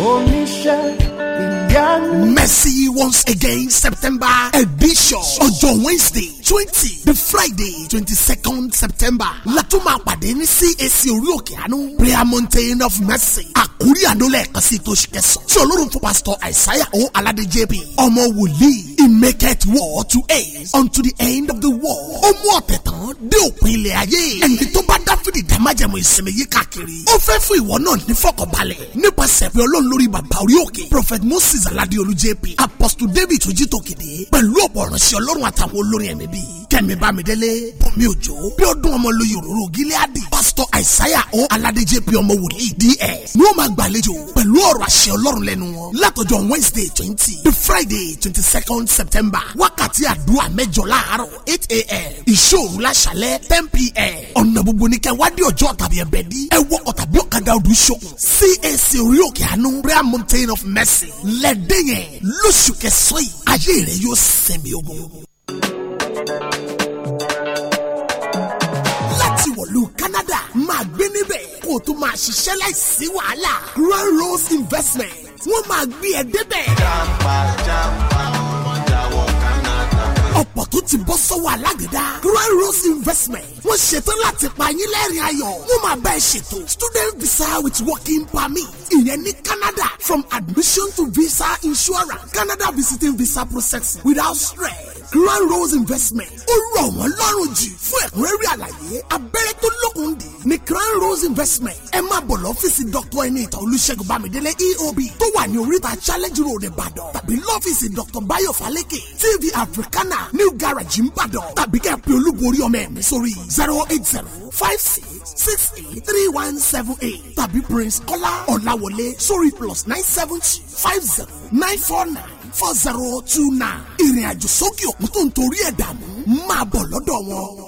Oh, Michel again. Mercy once again September edition ọjọ́ Wednesday twenty the Friday twenty-second September látún máa pàdé ní CAC orí òkè àánú prayer mountain of mercy àkórí àánú lẹ́ẹ̀kan sí tó ṣe kẹsàn-án tí Ọlọ́run fún pastor Isaiah O Alade JP ọmọ wòlíì he make it war to end unto the end of the war ó mú ọ̀tẹ̀ tán dé òpin ilẹ̀ ayé ẹni tó bá Dáfídì dá májẹ̀mú ìsinmi yìí káàkiri ó fẹ́ fún ìwọ náà ní fọkànbalẹ̀ nípasẹ̀ pé Ọlọ́run lórí bàbá orí òkè prophet Moses francis aládéolú jp apostle david ojú tòkìdí pẹ̀lú ọ̀pọ̀ ìránṣẹ́ ọlọ́run àtàwọn olórin ẹ̀mí bíi kẹ́mi bámidélé bùnmi òjò bí ó dún ọmọ lóye òróró gíláàdì pásítọ̀ àìsáyà ó aládé jp ọmọ wòlíì ds ni ó máa gbàlejò pẹ̀lú ọ̀rọ̀ àṣẹ ọlọ́run lẹ́nu wọn látọjọ́ wednesday twenty to friday twenty second september wákàtí àdúrà mẹ́jọ láàárọ̀ eight a.m. ìṣòro láṣálẹ́ ten p.m. ọ̀nà gbogbo ní kẹ́ wádìí ọjọ́ tàbí ẹ̀bẹ̀ dí ẹ wọ ọ̀tàbí ọ̀kadà ọdún ṣokùn cac orí òkè àánú prayer mountain of mercy lẹ́ ẹ̀dẹ́ yẹn lóṣù kẹsàn-án yìí ayé rẹ yóò sẹ̀mí ogun. láti wọ̀lú Canada máa gbé níbẹ̀ kó o tún máa ṣiṣẹ́ láìsí wàhálà Grand Rose Investment wọ́n máa gbé ẹ débẹ̀. jàǹbá jàǹbá ọmọ jàwọ́ ọ̀pọ̀ tó ti bọ́ sọ́wọ́ alágbèdá grand rose investment wọ́n ṣetán láti pa yín lẹ́rìn ayọ̀ wọ́n máa bá ṣètò student visa with working permit ìyẹn ní Canada from admission to visa insurance Canada visiting visa processing without stress grand rose investment ó rọ̀ wọ́n lọ́rùn jù fún ẹ̀kúnrẹ́rẹ́ àlàyé abẹ́rẹ́ tó lókun dì ní grand rose investment ẹ máa bọ̀ lọ́fíìsì dr ẹni ìtàn olùṣègùn bámidélé eob tó wà ní oríta challenge road ìbàdàn tàbí lọ́fíìsì dr bayo falẹ́kẹ̀ tv africana new garage nìbàdàn tàbí kẹ́ pé olúborí ọmọ ẹ̀mí sórí zero eight zero five six six eight three one seven eight tàbí prince kọ́lá ọ̀làwọlé sórí plus nine seven two five zero nine four nine four zero two nine ìrìn àjò sókè òkú tó ń torí ẹ̀ dààmú máa bọ̀ lọ́dọ̀ wọn.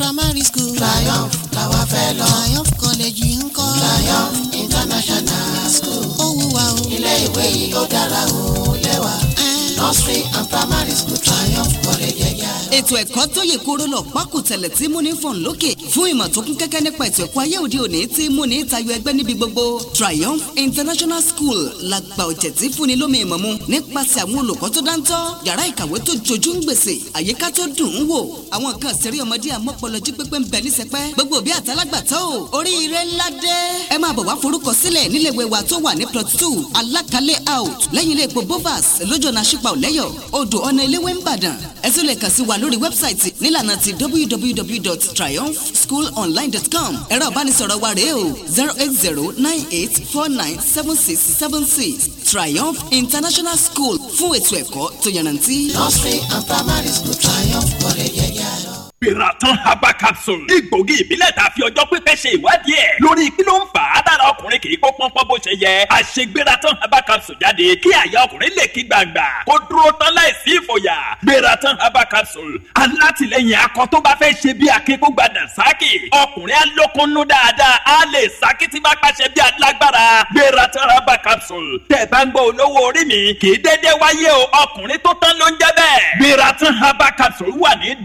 primary school. Triumph làwa fẹ́ lọ. Triumph college ń kọ́. Triumph international school. ó wúwa o. ilé ìwé yìí ó dára o lẹ́wà. nursery and primary school Triumph college ẹ̀jẹ̀ ètò ẹ̀kọ́ tó yè kóró lọ pákùtẹ̀lẹ̀ tí múni fọ̀n lókè fún ìmọ̀ tó kún kẹ́kẹ́ nípa ètò ẹ̀kọ́ ayé òde òní tí múni tayọ ẹgbẹ́ níbi gbogbo Triumph International School la gba ọ̀jẹ̀ tí fúnni lómi ìmọ̀ mu nípasẹ̀ àwọn olùkọ́ tó dáńtọ́ yàrá ìkàwé tó jojú ń gbèsè àyíká tó dùn ún wò àwọn nǹkan ṣeré ọmọdé àmọ́pọ̀lọ́jú pépé ń bẹ ní sẹpẹ́ gbogbo òbí àtàlágbàtọ́ ò wa tó wà ní out lẹ́yìn ilé epo bovas lójó náà ṣípa ọ̀lẹ́yọ̀ odò ọ̀nà eléwé ń bàdàn ẹ tún lè lórí wẹ́bsáìtì nílànà ti www.triumphschoolonline.com ẹ̀rọ ìbánisọ̀rọ̀ wa rèé o zero eight zero nine eight four nine seven six seven six Triumph International School fún ètò ẹ̀kọ́ tó yànnàntí. nursery and primary school Triumph kọ̀rẹ́ yẹ̀yẹ́ lọ. Pìràtán herbal capsule. Igbògi ìbílẹ̀ tá a fi ọjọ́ pípẹ́ ṣe ìwádìí ẹ̀. Lórí kí ló ń fà á dára ọkùnrin kì í kó pọ́npọ́n bó ṣe yẹ. Àṣegbératan herbal capsule jáde kí àyà ọkùnrin lè kí gbàgbà. Kó dúró tán láìsí ìfòyà. Gbératan herbal capsule. Alátìlẹyìn akọ tó bá fẹ́ ṣe bí akékògbà dànsákì. Ọkùnrin alókunnú dáadáa á lè sákì tí bá pàṣẹ bí alágbára. Gbératan herbal capsule. Tẹ̀ mi kì í dédé wáyé o. Ọkùnrin tó tán ló ń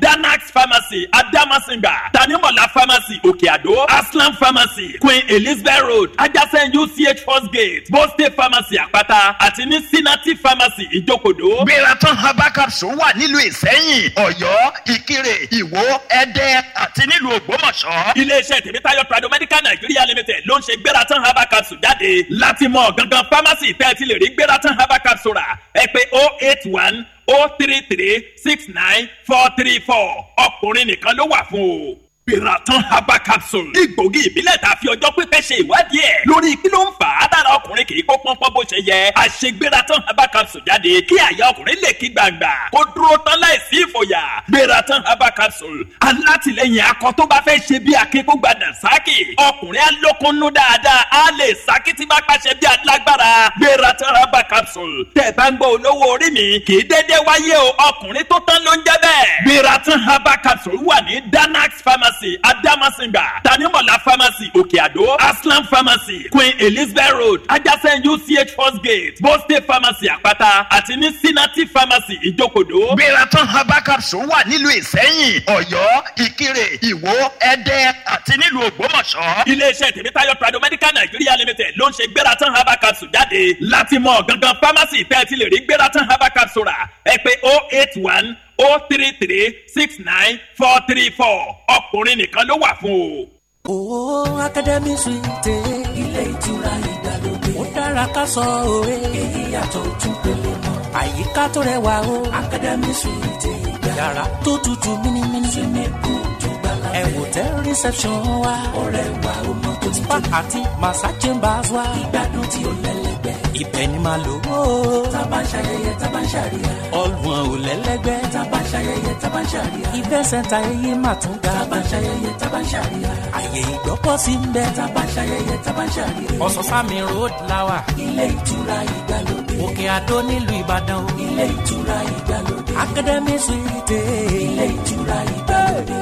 Danax pharmacy pharmacy adamasinga tanimola pharmacy òkè aslam pharmacy queen elizabeth road adjacent uch first gate boste pharmacy àpáta àti ní sinati pharmacy ìjókòdó. gbératán herbal capsule wà nílùú ìsẹ́yìn ọ̀yọ́ ìkirè ìwó ẹdẹ àti nílùú ògbómọ̀ṣọ́. iléeṣẹ́ tèmítáyọ̀ prado medical nigeria limited ló ń ṣe gbératán herbal capsule jáde láti mọ̀ gangan pharmacy tẹ́ẹ̀tì lè rí gbératán herbal capsule rà ẹ pé oh eight one o three three six nine four three four ọkùnrin nìkan ló wà fún o. Biratan haba capsule. Igbògi ìbílẹ̀ tá a fi ọjọ́ pípẹ́ ṣe ìwádìí ẹ̀. Lórí kí ló ń fà á dára ọkùnrin kì í kó pọ́npọ́n bó ṣe yẹ. Àṣegbératan herbal capsule jáde kí àyà ọkùnrin lè kí gbàgbà. Kó dúró tán láìsí ìfòyà. Biratan herbal capsule. Alátìlẹyìn akọ tó bá fẹ́ ṣe bí akékògbà dànsákì. Ọkùnrin alókunnú dáadáa á lè sákì tí bá pàṣẹ bí alágbára. Biratan herbal capsule. Tẹ̀ mi kì í dédé wáyé o. Ọkùnrin tó tán ló ń Danax pharmacy pharmacy adamasinga tanimola pharmacy òkè aslam pharmacy queen elizabeth road adjacent uch first gate boste pharmacy àpáta àti ní sinati pharmacy ìjókòdó. gbèràtàn herbal capsule wà nílùú ìsẹ́yìn ọ̀yọ́ ìkirè ìwó ẹdẹ àti nílùú ògbómọ̀ṣọ́. iléeṣẹ́ tèmítáyọ̀ prado medical nigeria limited ló ń ṣe gbèràtàn herbal capsule jáde láti mọ̀ gangan pharmacy tẹ́ẹ̀tì lè rí gbèràtàn herbal capsule rà ẹ pé oh eight one o oh three three six nine four three four ọkùnrin nìkan ló wà fún o. o Academy Suite ilé ìtura ìgbàlódé ó dára ká sọ òwe èyí yàtọ̀ ojú pele mọ́ àyíká tó rẹwà o Academy Suite ìgbà yàrá tó tutù mímímí. sinimu tó gbà lábẹ́ ẹ̀ hotel reception wa ọ̀rẹ́ wa ó mọ tó ti tó spa àti massage chambers wa ìgbádùn tí ó lẹ́lẹ́ ibẹ̀ ni màá lò ó. tàbá ń ṣayẹyẹ tàbá ń ṣàríyá. ọlùwọ̀n ò lẹ́lẹ́gbẹ́. tàbá ń ṣayẹyẹ tàbá ń ṣàríyá. ìfẹ́ sẹ́ńtà ẹyẹ máa tún ga. tàbá ń ṣayẹyẹ tàbá ń ṣàríyá. àyè ìgbọ́pọ̀ sí ń bẹ. tàbá ń ṣayẹyẹ tàbá ń ṣàríyá. ọ̀sánsámi road lawa. ilé ìtura ìgbàlódé. òkè àdó nílùú ìbàdàn. ilé ìtura ìgbàlódé. academy suite. ilé ìtura ìgbàlódé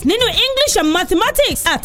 nínú English and mathematics àti